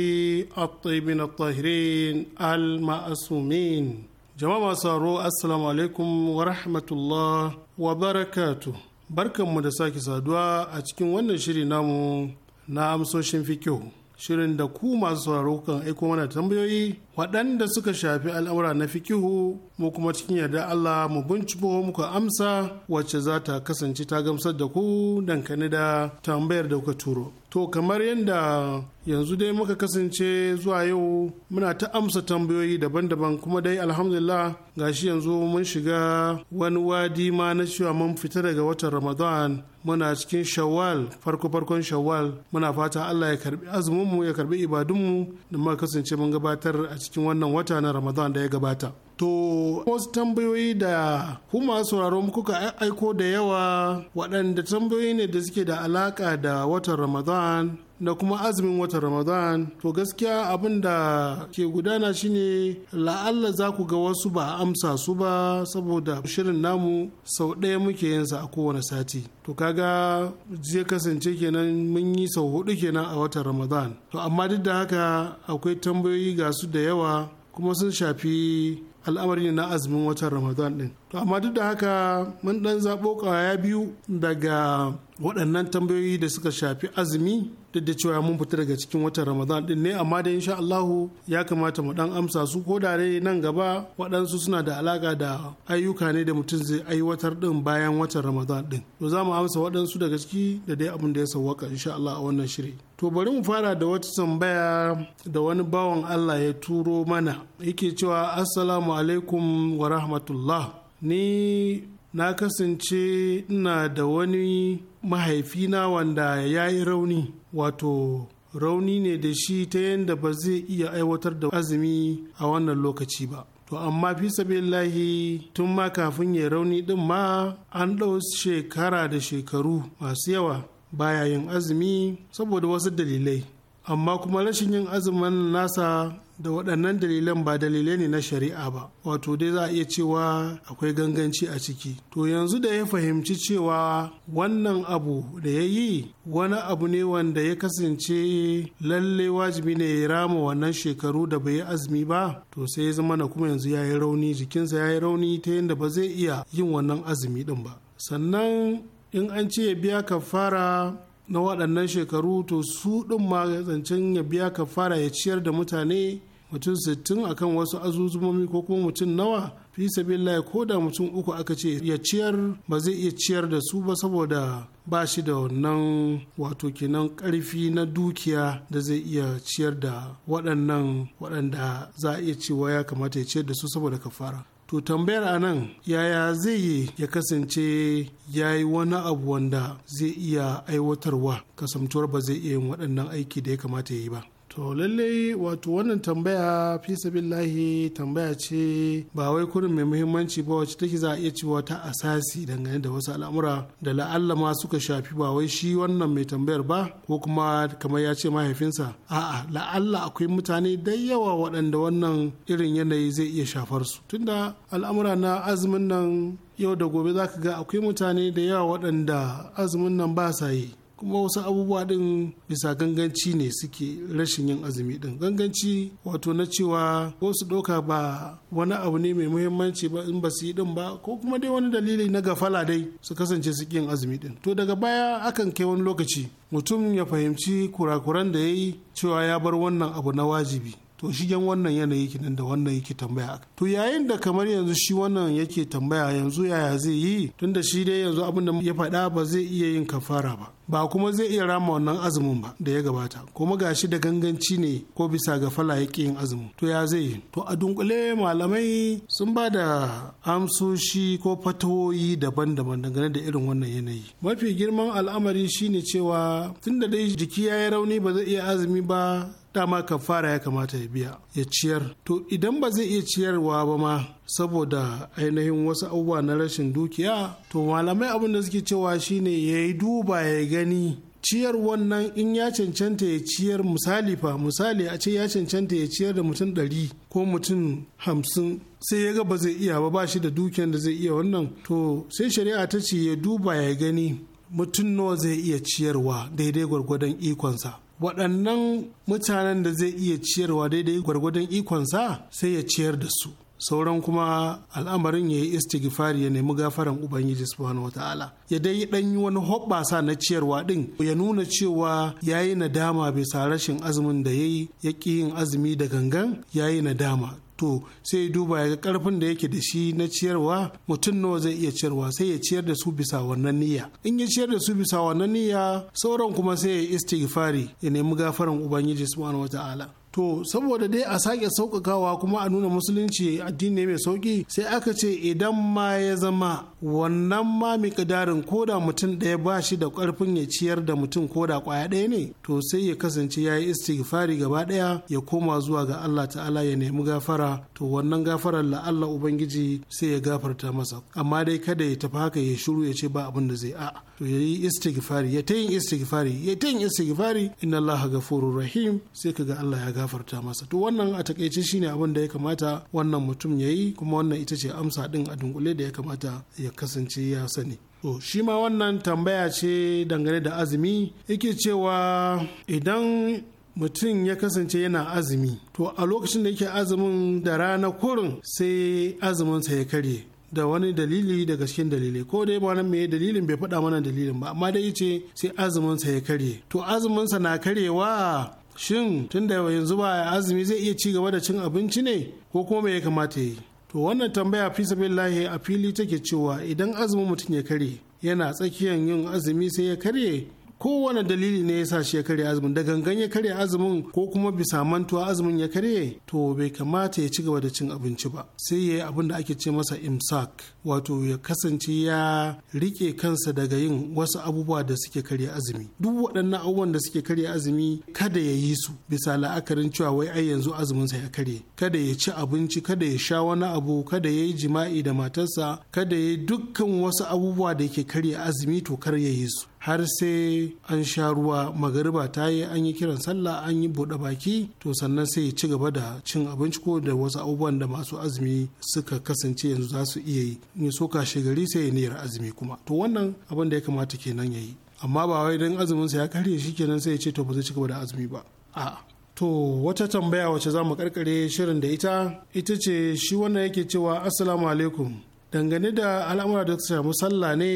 الطيبين الطاهرين المأسومين جماعة سارو السلام عليكم ورحمة الله وبركاته barkanmu da sake saduwa a cikin wannan shiri namu na amsoshin fikihu shirin da ku masu sauraro kan aiko mana tambayoyi waɗanda suka shafi al'amura na fikihu mu kuma cikin yarda Allah mu binciko muka amsa wacce za ta kasance ta gamsar da ku dankane da tambayar da kuka turo. To kamar yadda yanzu dai muka kasance zuwa yau muna ta amsa tambayoyi daban-daban kuma dai alhamdulillah shi yanzu mun shiga wani wadi ma na cewa mun fita daga watan Ramadan muna cikin Shawwal farko-farkon Shawwal muna fata Allah ya karbi azumin mu ya karbi ibadunmu da muka kasance mun gabatar a cikin wannan wata na Ramadan da ya gabata. To wasu tambayoyi da kuma sauraro kuka aiko da yawa waɗanda tambayoyi ne da suke da alaƙa da watan Ramadan da kuma azumin watan Ramadan. To gaskiya abin da ke gudana shine la'alla za ku ga wasu ba a amsa su ba saboda shirin namu sau ɗaya muke yinsa a kowane sati. To kaga zai kasance kenan mun yi sau hudu kenan a watan Ramadan. To amma duk da haka akwai tambayoyi ga su da yawa kuma sun shafi al'amari na azumin watan ramadan din to amma duk da haka mun dan zaɓo ya biyu daga waɗannan tambayoyi da suka shafi azumi duk da cewa mun fita daga cikin watan ramadan din ne amma da insha Allah ya kamata mu dan amsa su ko da dai nan gaba waɗansu suna da alaka da ayyuka ne da mutum zai aiwatar din bayan watan ramadan din to za mu amsa waɗansu daga ciki da dai abin da ya sauwaka insha Allah a wannan shiri to bari mu fara da wata tambaya da wani bawan Allah ya turo mana yake cewa assalamu alaikum wa rahmatullah ni na kasance ina da wani mahaifina wanda ya yi rauni wato rauni ne da shi ta yadda ba zai iya aiwatar da azumi a wannan lokaci ba to amma fi lahi tun ma kafin ya rauni din ma an ɗau shekara da shekaru masu yawa baya yin azumi saboda wasu dalilai amma kuma rashin yin azumin nasa da waɗannan dalilan ba dalilai ne na shari'a ba wato dai za a iya cewa akwai ganganci a ciki to yanzu da ya fahimci cewa wannan abu da ya yi wani abu ne wanda ya kasance lalle wajibi ne ya rama wannan shekaru da bai yi azumi ba to sai ya zama na kuma yanzu ya yi rauni jikinsa ya yi rauni ta yadda ba zai iya yin wannan azumi din ba sannan in an ce ya biya kafara na waɗannan shekaru to su ɗin ma zancen ya biya ka fara ya ciyar da mutane mutum sittin akan wasu azuzumomi ko kuma mutum nawa fi lai ko da mutum uku aka ce ya ciyar ba zai iya ciyar da su ba saboda ba shi da wannan wato kenan karfi na dukiya da zai iya ciyar da waɗannan waɗanda za a iya cewa ya kamata ya ciyar da su saboda kafara to tambayar a nan yaya zai yi ya kasance ya yi wani abu wanda zai iya aiwatarwa kasamtuwar ba zai iya yin waɗannan aiki da ya kamata ya yi ba to lallai wato wannan tambaya fi sabillahi tambaya ce ba wai kurin mai muhimmanci ba wacce take za a iya cewa ta asasi dangane da wasu al'amura da la'alla ma suka shafi ba wai shi wannan mai tambayar ba ko kuma kamar ya ce mahaifinsa a'a la'alla akwai mutane da yawa waɗanda wannan irin yanayi zai iya shafar su tunda al'amura na azumin nan yau da gobe za ka ga akwai mutane da yawa waɗanda azumin nan ba sa yi kuma wasu abubuwa din bisa ganganci ne suke rashin yin azumi din ganganci wato na cewa ko su ɗauka ba wani abu ne mai muhimmanci ba in ba su yi din ba ko kuma dai wani dalili na gafala dai su kasance su yin azumi din to daga baya akan kai wani lokaci mutum ya fahimci kurakuran da ya yi cewa ya bar wannan abu na wajibi to shigen wannan yanayi kenan da wannan yake tambaya to yayin da kamar yanzu shi wannan yake tambaya yanzu yaya zai yi tunda shi dai yanzu abin da ya faɗa ba zai iya yin kafara ba ba kuma zai iya rama wannan azumin ba da ya gabata kuma gashi da ganganci ne ko bisa ga fala yake yin azumin to ya zai to a dunkule malamai sun ba da amsoshi ko fatoyi daban-daban dangane da irin wannan yanayi mafi girman al'amari shine cewa tun da dai jiki ya yi rauni ba zai iya azumi ba dama kafara ya kamata ya biya ya ciyar to idan ba zai iya ciyarwa ba ma saboda ainihin wasu abubuwa na rashin dukiya to malamai abin da suke cewa shine ya yi duba ya gani ciyar wannan in ya cancanta ya ciyar misali fa misali a ce ya cancanta ya ciyar da mutum ɗari ko mutum hamsin sai ya ga ba zai iya ba ba shi da dukiyar da zai iya wannan to sai shari'a ta ce ya duba ya gani mutum nawa zai iya ciyarwa daidai gwargwadon ikonsa waɗannan mutanen da zai iya ciyarwa daidai gwargwadon ikonsa sai ya ciyar da su sauran kuma al'amarin ya yi istighfari ya nemi gafaran ubangiji subhanahu wataala ya dai dan yi wani hoɓɓasa na ciyarwa din ya nuna cewa ya yi nadama bisa rashin azumin da ya yi ya ƙi yin azumi da gangan ya yi nadama to sai ya duba ya karfin da yake da shi na ciyarwa mutum nawa zai iya ciyarwa sai ya ciyar da su bisa wannan niyya in ya ciyar da su bisa wannan niyya sauran kuma sai ya istighfari ya nemi gafaran ubangiji subhanahu wataala to saboda dai a sake sauƙaƙawa kuma a nuna musulunci addini mai sauƙi sai aka ce idan ma ya zama wannan ma miƙidarin koda mutum ɗaya ba shi da ƙarfin ya ciyar da mutum koda ƙwaya ɗaya ne to sai ya kasance ya yi istighfari gaba ɗaya ya koma zuwa ga Allah ta'ala ya nemi gafara to wannan gafarar la Allah ubangiji sai ya gafarta masa amma dai kada ya tafi haka ya shiru ya ce ba abin da zai a to ya yi istighfari ya ta yin istighfari ya ta yin istighfari inna Allah gafurur rahim sai kaga Allah ya gafarta masa to wannan a takaice shine abin da ya kamata wannan mutum ya yi kuma wannan ita ce amsa ɗin a dunkule da ya kamata ya kasance ya sani to shi ma wannan tambaya ce dangane da azumi yake cewa idan mutum ya kasance yana azumi to a lokacin da yake azumin da rana kurin sai azuminsa ya karye da wani dalili daga cikin dalili ko dai ba nan mai dalilin bai faɗa mana dalilin ba amma dai ce sai azuminsa ya karye to azuminsa na karyewa shin tun da yanzu ba azumi zai iya ci gaba da cin abinci ne ko kuma me ya kamata ya yi to wannan tambaya fi sabillahi a fili take cewa idan azumin mutum ya kare yana tsakiyar yin azumi sai ya karye kowane dalili ne ya sa shi ya karya azumin da gangan ya karya azumin ko kuma bisa mantuwa azumin ya karye to bai kamata ya ci gaba da cin abinci ba sai ya yi abin da ake ce masa imsak wato ya kasance ya rike kansa daga yin wasu abubuwa da suke karya azumi duk waɗannan abubuwan da suke karya azumi kada ya yi su bisa la'akarin cewa wai ai yanzu azumin sa ya karye kada ya ci abinci kada ya sha wani abu kada ya yi jima'i da matarsa kada ya yi dukkan wasu abubuwa da yake karya azumi to kar ya yi su har sai an sha ruwa magariba ta yi an yi kiran sallah an yi buɗe baki to sannan sai ya ci gaba da cin abinci ko da wasu abubuwan da masu azumi suka kasance yanzu za su iya yi in so kashe gari sai ya niyyar azumi kuma to wannan abin da ya kamata kenan ya yi amma ba wai dan azumin sa ya karye shi kenan sai ya ce to ba zai ci gaba da azumi ba a'a To wata tambaya wace za mu karkare shirin da ita, ita ce shi wannan yake cewa Assalamu alaikum. dangane da al'amura da ta samu sallah ne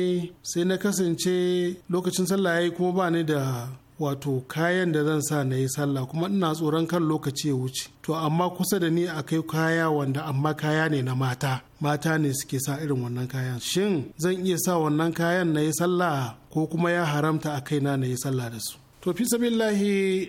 sai na kasance lokacin sallah ya yi kuma ba ni da wato kayan da zan sa na yi sallah kuma ina tsoron kan lokaci ya wuce to amma kusa da ni akai kaya wanda amma kaya ne na mata mata ne suke sa irin wannan kayan shin zan iya sa wannan kayan na yi sallah ko kuma ya haramta a kaina na yi sallah da su to fi sabillahi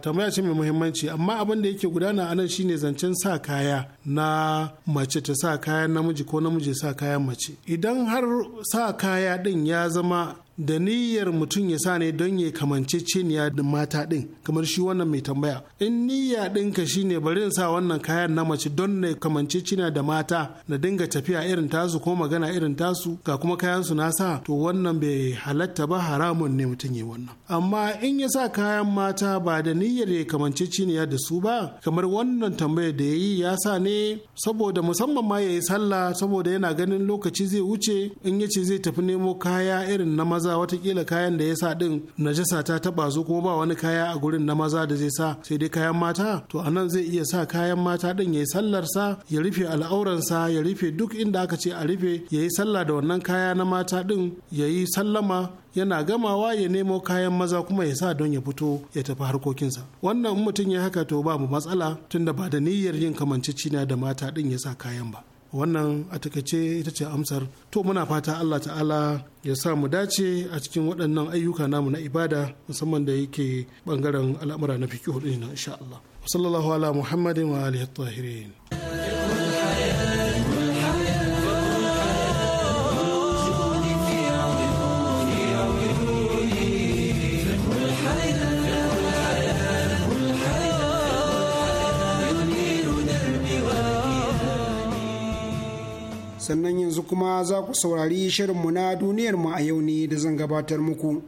tambaya ce mai muhimmanci amma abin da yake gudana a nan shine zancen sa kaya na mace ta sa kayan namiji ko namiji sa kayan mace idan har sa kaya din ya zama da niyyar mutum ya sa ne don ya kamance ciniya da mata din kamar shi wannan mai tambaya in niyya ɗinka ne, bari in sa wannan kayan na mace don na kamance ciniya da mata na dinga tafiya irin tasu ko magana irin tasu ga kuma kayansu su na sa to wannan bai halatta ba haramun ne mutum ya wannan amma in ya sa kayan mata ba da niyyar ya kamance ciniya da su ba kamar wannan tambayar da ya yi ya sa ne saboda musamman ma ya yi sallah saboda yana ganin lokaci zai wuce in ya ce zai tafi nemo kaya irin na maza maza watakila kayan da ya sa din najasa ta taba su kuma ba wani kaya a gurin na maza da zai sa sai dai kayan mata to anan zai iya sa kayan mata din yayi sallarsa ya rufe al'auransa ya rufe duk inda aka ce a rufe yayi sallah da wannan kaya na mata din yayi sallama yana gamawa ya nemo kayan maza kuma ya sa don ya fito ya tafi harkokinsa wannan mutum ya haka to ba mu matsala tunda ba da niyyar yin kamancicina da mata din ya sa kayan ba wannan a takaice ita ce amsar to muna fata Allah ta'ala ya sa mu dace a cikin waɗannan ayyuka namu na ibada musamman da yake bangaren al'amura na fiki din insha Allah sallallahu ala muhammadin wa alihi tahirin sannan yanzu kuma za ku saurari shirinmu na duniyarmu a yau ne da zan gabatar muku.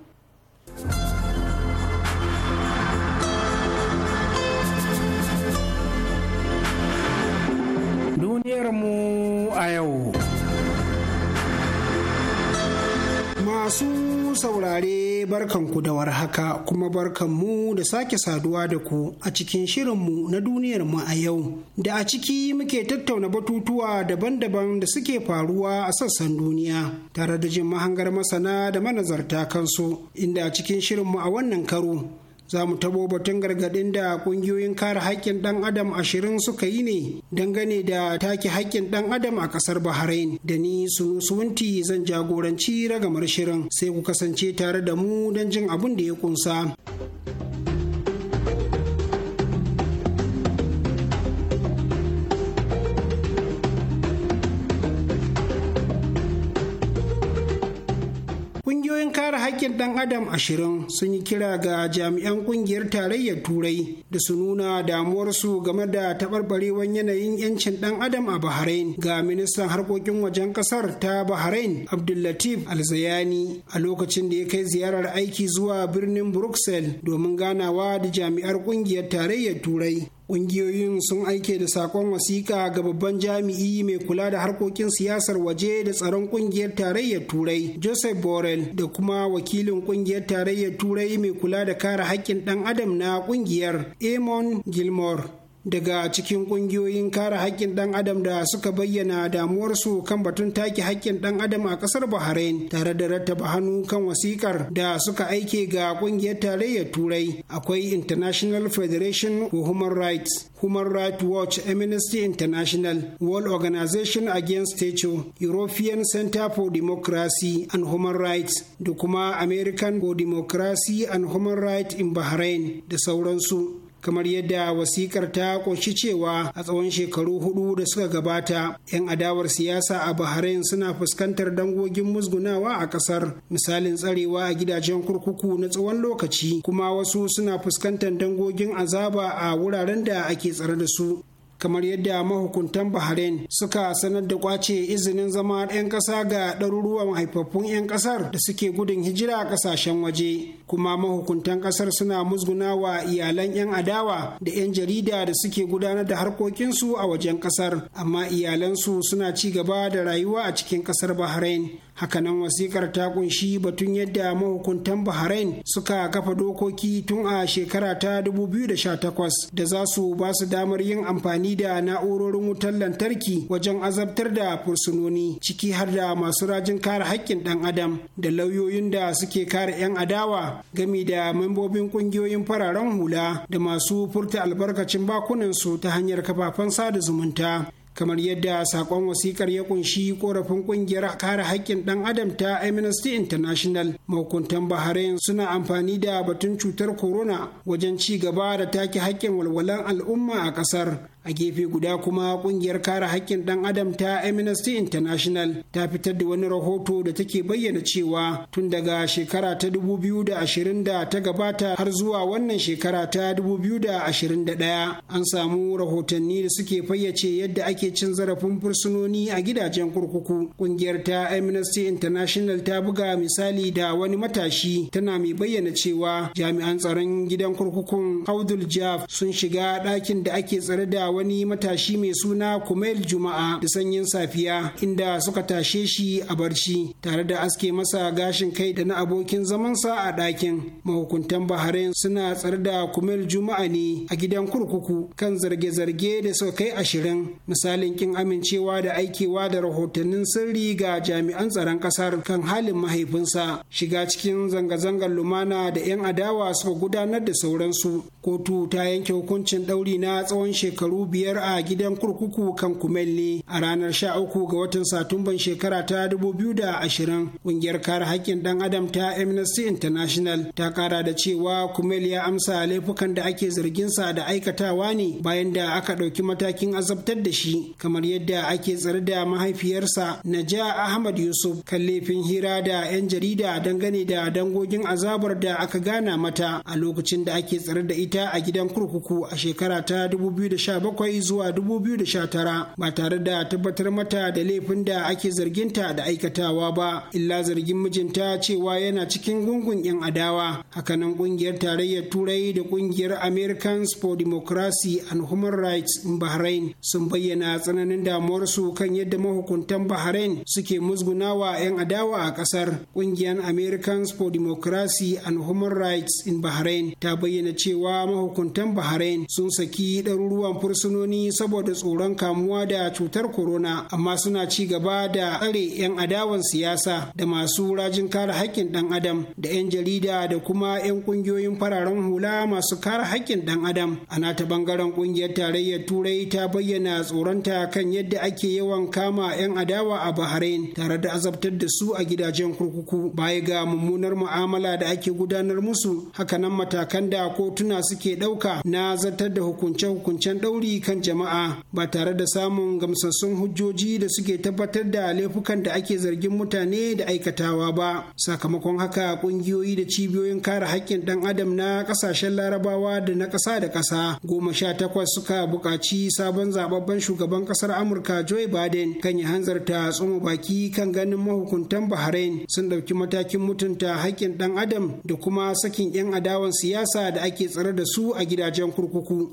barkan ku da warhaka kuma barkan mu da sake saduwa da ku a cikin shirinmu na duniyar mu a yau da a ciki muke tattauna batutuwa daban-daban da suke faruwa a sassan duniya tare da jin mahangar masana da manazarta kansu inda a cikin shirinmu a wannan karo za mu tabo batun gargaɗin da ƙungiyoyin kare haƙƙin ɗan adam ashirin suka yi ne dangane da take haƙƙin ɗan adam a ƙasar bahrain da ni sunusunti zan jagoranci ragamar shirin sai ku kasance tare da mu don jin abin da ya ƙunsa. Ƙungiyoyin kare haƙƙin ɗan adam ashirin sun yi kira ga jami'an ƙungiyar tarayyar Turai da su nuna damuwarsu game da taɓarɓarewar yanayin 'yancin ɗan adam a Bahrain ga ministan harkokin wajen ƙasar ta Bahrain Abdullatif Alzayani a lokacin da ya kai ziyarar aiki zuwa birnin Brussels domin ganawa da jami'ar ƙungiyar tarayyar Turai Ƙungiyoyin sun aike da saƙon wasiƙa ga babban jami'i mai kula da harkokin siyasar waje da tsaron ƙungiyar tarayyar Turai, Joseph Borrell, da kuma wakilin ƙungiyar tarayyar Turai mai kula da kare haƙƙin ɗan adam na ƙungiyar, Amon Gilmore. daga cikin ƙungiyoyin kare haƙƙin ɗan adam da suka bayyana damuwarsu kan batun take haƙƙin ɗan adam a ƙasar bahrain tare da rattaba hannu kan wasiƙar da suka aike ga ƙungiyar tarayyar turai akwai international federation for human rights human rights watch amnesty international world organization against torture european center for democracy and human rights da kuma american for democracy and human rights in bahrain da sauransu kamar yadda wasikar ta ƙunshi cewa a tsawon shekaru hudu da suka gabata 'yan adawar siyasa a bahrain suna fuskantar dangogin musgunawa a ƙasar misalin tsarewa a gidajen kurkuku na tsawon lokaci kuma wasu suna fuskantar dangogin azaba a wuraren da ake tsare da su kamar yadda mahukuntan bahrain suka sanar da kwace izinin zama 'yan ƙasa ga ɗaruruwan haifaffun 'yan ƙasar da suke gudun hijira a ƙasashen waje kuma mahukuntan ƙasar suna musguna wa iyalan 'yan adawa da 'yan jarida da suke gudanar da harkokinsu a wajen ƙasar amma iyalansu suna ci gaba da rayuwa a cikin ƙasar bahrain hakanan wasikar ta kunshi batun yadda mahukuntan bahrain suka kafa dokoki tun a shekara ta 2018 da za su ba su damar yin amfani da na'urorin wutar lantarki wajen azabtar da fursunoni ciki har da masu rajin kare haƙƙin ɗan adam da lauyoyin da suke kare 'yan adawa gami da membobin ƙungiyoyin fararen hula da masu furta albarkacin bakunansu ta hanyar kafafen sada zumunta kamar yadda saƙon wasiƙar ya kunshi ƙorafin ƙungiyar kare haƙƙin ɗan adam ta amnesty international mahukuntan bahrain suna amfani da batun cutar corona wajen ci gaba da take haƙƙin walwalan al'umma a ƙasar a gefe guda kuma kungiyar kare haƙƙin ɗan adam ta amnesty international ta fitar da wani rahoto da take bayyana cewa tun daga shekara ta 2020 ta gabata har zuwa wannan shekara ta 2021 an samu rahotanni da suke fayyace yadda ake cin zarafin fursunoni a gidajen kurkuku kungiyar ta amnesty international ta buga misali da wani matashi tana mai bayyana cewa jami'an tsaron gidan kurkukun sun shiga ɗakin da ake tsare da wani matashi mai suna Kumail Juma'a da sanyin safiya inda suka tashe shi a barci tare da aske masa gashin kai da na abokin zamansa a ɗakin. Mahukuntan Bahrain suna tsar da Kumail Juma'a ne a gidan kurkuku kan zarge-zarge da suka kai ashirin misalin kin amincewa da aikewa da rahotannin sirri ga jami'an tsaron ƙasar kan halin mahaifinsa shiga cikin zanga-zangar lumana da 'yan adawa suka gudanar da sauransu kotu ta yanke hukuncin ɗauri na tsawon shekaru biyar a gidan kurkuku kan kumelli a ranar sha uku ga watan satumban shekara ta ashirin kungiyar kare hakkin dan adam ta amnesty international ta kara da cewa Kumel ya amsa laifukan da ake zarginsa da aikatawa ne bayan da aka ɗauki matakin azabtar da shi kamar yadda ake tsare da mahaifiyarsa naja ahmad yusuf kan hira da 'yan jarida dangane da dangogin azabar da aka gana mata a lokacin da ake tsare da ita a gidan kurkuku a shekara ta 2017 bakwai zuwa 2019 ba tare da tabbatar mata da laifin da ake zarginta da aikatawa ba illa zargin mijinta cewa yana cikin gungun 'yan adawa hakanan kungiyar tarayyar turai da kungiyar americans for democracy and human rights in bahrain sun bayyana tsananin damuwarsu kan yadda mahukuntan bahrain suke musgunawa 'yan adawa a kasar kungiyar americans for democracy and human rights in bahrain ta bayyana cewa mahukuntan bahrain sun saki ɗaruruwan fursu fursunoni saboda tsoron kamuwa da cutar corona amma suna ci gaba da tsare 'yan adawan siyasa da masu rajin kare haƙƙin ɗan adam da 'yan jarida da kuma 'yan ƙungiyoyin fararen hula masu kare haƙƙin ɗan adam ana ta bangaren ƙungiyar tarayyar turai ta bayyana tsoronta kan yadda ake yawan kama 'yan adawa a bahrain tare da azabtar da su a gidajen kurkuku baya ga mummunar mu'amala da ake gudanar musu hakanan matakan da kotuna suke ɗauka na zartar da hukunce-hukuncen ɗauri kan jama'a ba tare da samun gamsassun hujjoji da suke tabbatar da laifukan da ake zargin mutane da aikatawa ba sakamakon haka kungiyoyi da cibiyoyin kare haƙƙin ɗan adam na ƙasashen larabawa da na ƙasa da ƙasa goma sha takwas suka buƙaci sabon zababben shugaban ƙasar amurka joe biden kan ya hanzarta tsoma baki kan ganin mahukuntan bahrain sun ɗauki matakin mutunta haƙƙin ɗan adam da kuma sakin 'yan adawan siyasa da ake tsare da su a gidajen kurkuku.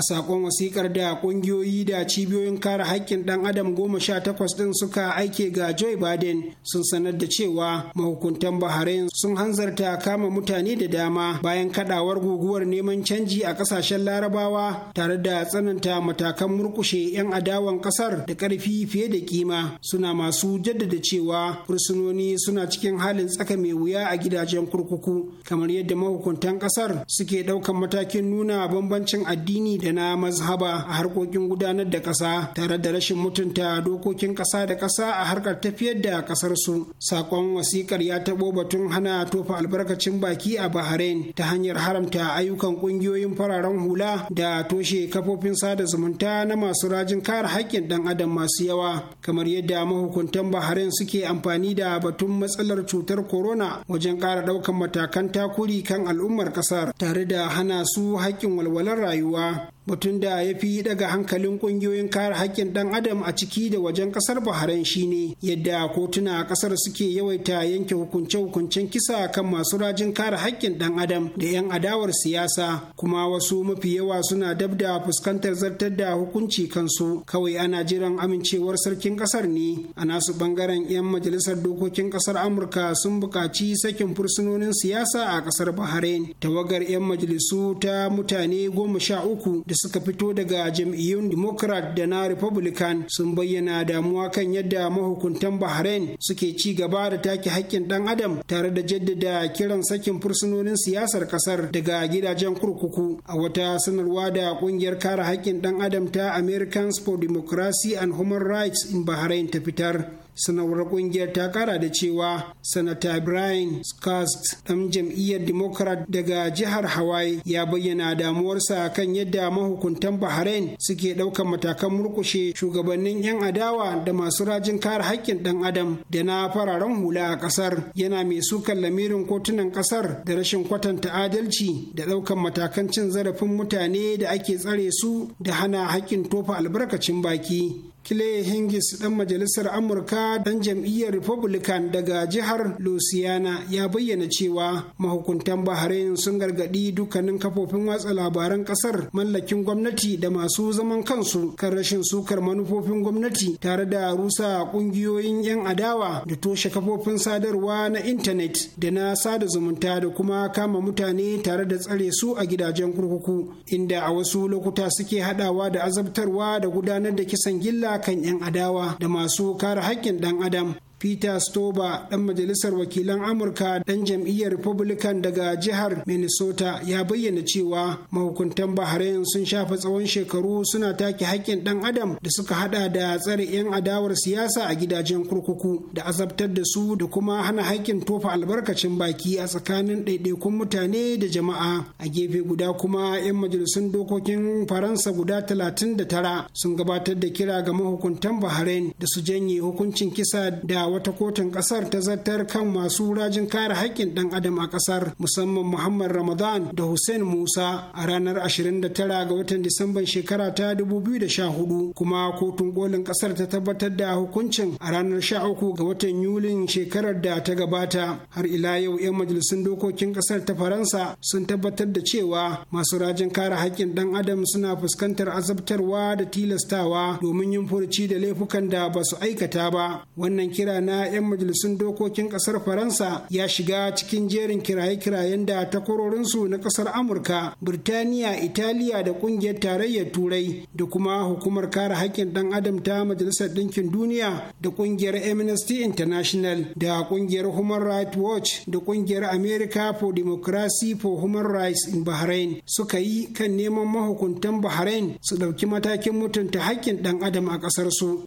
a sakon wasikar da kungiyoyi da cibiyoyin kare haƙƙin ɗan adam goma sha takwas ɗin suka aike ga joe biden sun sanar da cewa mahukuntan bahrain sun hanzarta kama mutane da dama bayan kaɗawar guguwar neman canji a ƙasashen larabawa tare da tsananta matakan murkushe 'yan adawan ƙasar da ƙarfi fiye da kima suna masu jaddada cewa fursunoni suna cikin halin tsaka mai wuya a gidajen kurkuku kamar yadda mahukuntan ƙasar suke ɗaukan matakin nuna bambancin addini da da na mazhaba a harkokin gudanar da ƙasa tare da rashin mutunta dokokin ƙasa da ƙasa a harkar tafiyar da ƙasar su sakon wasikar ya taɓo batun hana tofa albarkacin baki a bahrain ta hanyar haramta ayyukan ƙungiyoyin fararen hula da toshe kafofin sada zumunta na masu rajin kare haƙƙin ɗan adam masu yawa kamar yadda mahukuntan bahrain suke amfani da batun matsalar cutar corona wajen ƙara ɗaukan matakan takuri kan al'ummar ƙasar tare da hana su haƙƙin walwalar rayuwa Batun da ya fi daga hankalin kungiyoyin kare haƙƙin ɗan adam a ciki da wajen ƙasar Bahrain shine yadda kotuna a ƙasar suke yawaita yanke hukunce-hukuncen kisa kan masu rajin kare haƙƙin ɗan adam da 'yan adawar siyasa kuma wasu mafi yawa suna dab da fuskantar zartar da hukunci kansu kawai ana jiran amincewar sarkin ƙasar ne a nasu ɓangaren 'yan majalisar dokokin ƙasar Amurka sun buƙaci sakin fursunonin siyasa a ƙasar Bahrain tawagar 'yan majalisu ta mutane goma sha uku da suka fito daga jam'iyyun democrat da na republican sun bayyana damuwa kan yadda mahukuntan bahrain suke ci gaba da take haƙƙin ɗan adam tare da jaddada kiran sakin fursunonin siyasar ƙasar daga gidajen kurkuku a wata sanarwa da ƙungiyar kare haƙƙin ɗan adam ta americans for democracy and human rights in bahrain ta fitar sanarwar kungiyar ta kara da cewa sanata brian scott dan jam'iyyar democrat daga jihar hawaii ya bayyana damuwarsa kan yadda mahukuntan bahrain suke ɗaukar matakan murkushe shugabannin 'yan adawa da masu rajin kare haƙƙin ɗan adam da na fararen hula a ƙasar yana mai sukan lamirin kotunan ƙasar da rashin kwatanta adalci da ɗaukar matakan cin zarafin mutane da ake tsare su da hana haƙƙin tofa albarkacin baki Clay Hingis ɗan majalisar Amurka ɗan jam'iyyar Republican daga jihar Louisiana ya bayyana cewa mahukuntan Bahrain sun gargaɗi dukkanin kafofin watsa labaran ƙasar mallakin gwamnati da masu zaman kansu kan rashin sukar manufofin gwamnati tare da rusa ƙungiyoyin 'yan adawa da toshe kafofin sadarwa na intanet da na sada zumunta da kuma kama mutane tare da tsare su a gidajen kurkuku inda a wasu lokuta suke haɗawa da azabtarwa da gudanar da kisan gilla kan 'yan adawa da masu kare haƙƙin ɗan adam peter stoba ɗan majalisar wakilan amurka dan jam'iyyar republican daga jihar minnesota ya bayyana cewa mahukuntan bahrain sun shafa tsawon shekaru suna take haƙƙin ɗan adam da suka hada da tsare 'yan adawar siyasa a gidajen kurkuku da azabtar da su da kuma hana haƙƙin tofa albarkacin baki a tsakanin ɗaiɗaikun mutane da jama'a a gefe guda kuma 'yan majalisun dokokin faransa guda talatin da tara sun gabatar da kira ga mahukuntan bahrain da su janye hukuncin kisa da wata kotun kasar ta zartar kan masu rajin kare haƙƙin ɗan adam a kasar musamman muhammad ramadan da hussein musa a ranar 29 ga watan disamban shekara ta 2014 kuma kotun kolin kasar ta tabbatar da hukuncin a ranar 13 ga watan yulin shekarar da ta gabata har ila yau 'yan majalisun dokokin kasar ta faransa sun tabbatar da cewa masu rajin kare haƙƙin ɗan adam suna fuskantar azabtarwa da tilastawa domin yin furuci da laifukan da ba su aikata ba wannan kira na 'yan majalisun dokokin kasar faransa ya shiga cikin jerin kiraye-kirayen da takwarorinsu na kasar amurka birtaniya italiya da kungiyar tarayyar turai da kuma hukumar kare haƙƙin dan adam ta majalisar ɗinkin duniya da kungiyar amnesty international da kungiyar human rights watch da kungiyar america for democracy for human rights in bahrain suka yi kan neman mahukuntan bahrain su ɗauki matakin mutunta haƙƙin dan adam a ƙasarsu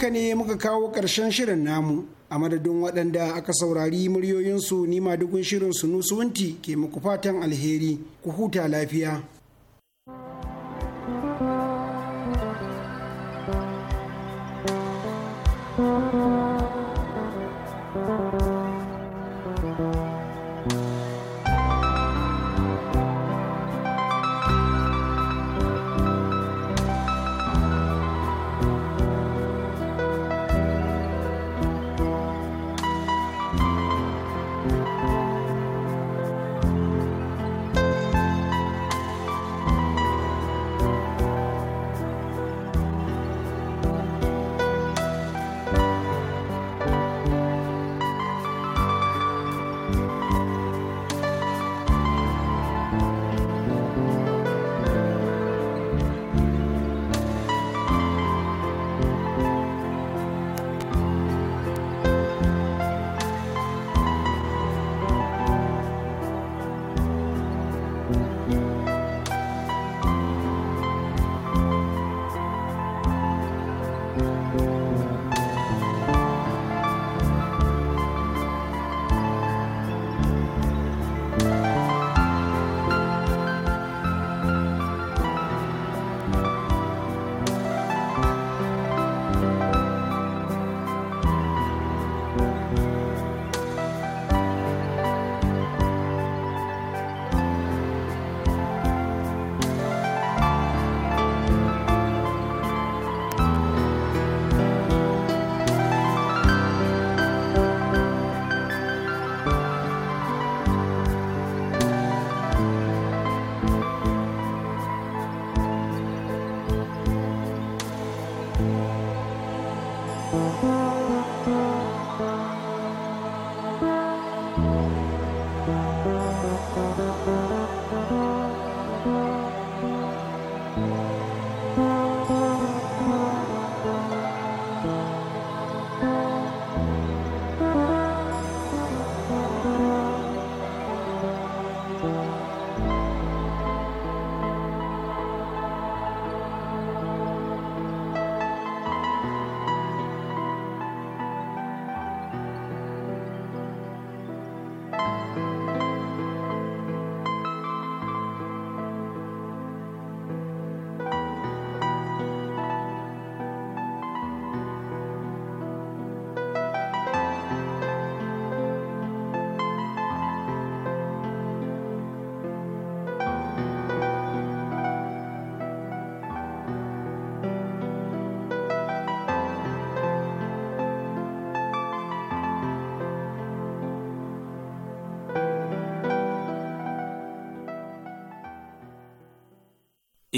haka ne muka kawo ƙarshen shirin namu a madadin waɗanda aka saurari muryoyinsu nima dugun shirin su ke muku fatan alheri ku huta lafiya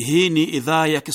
Hii ni idhaa ya Kiswahili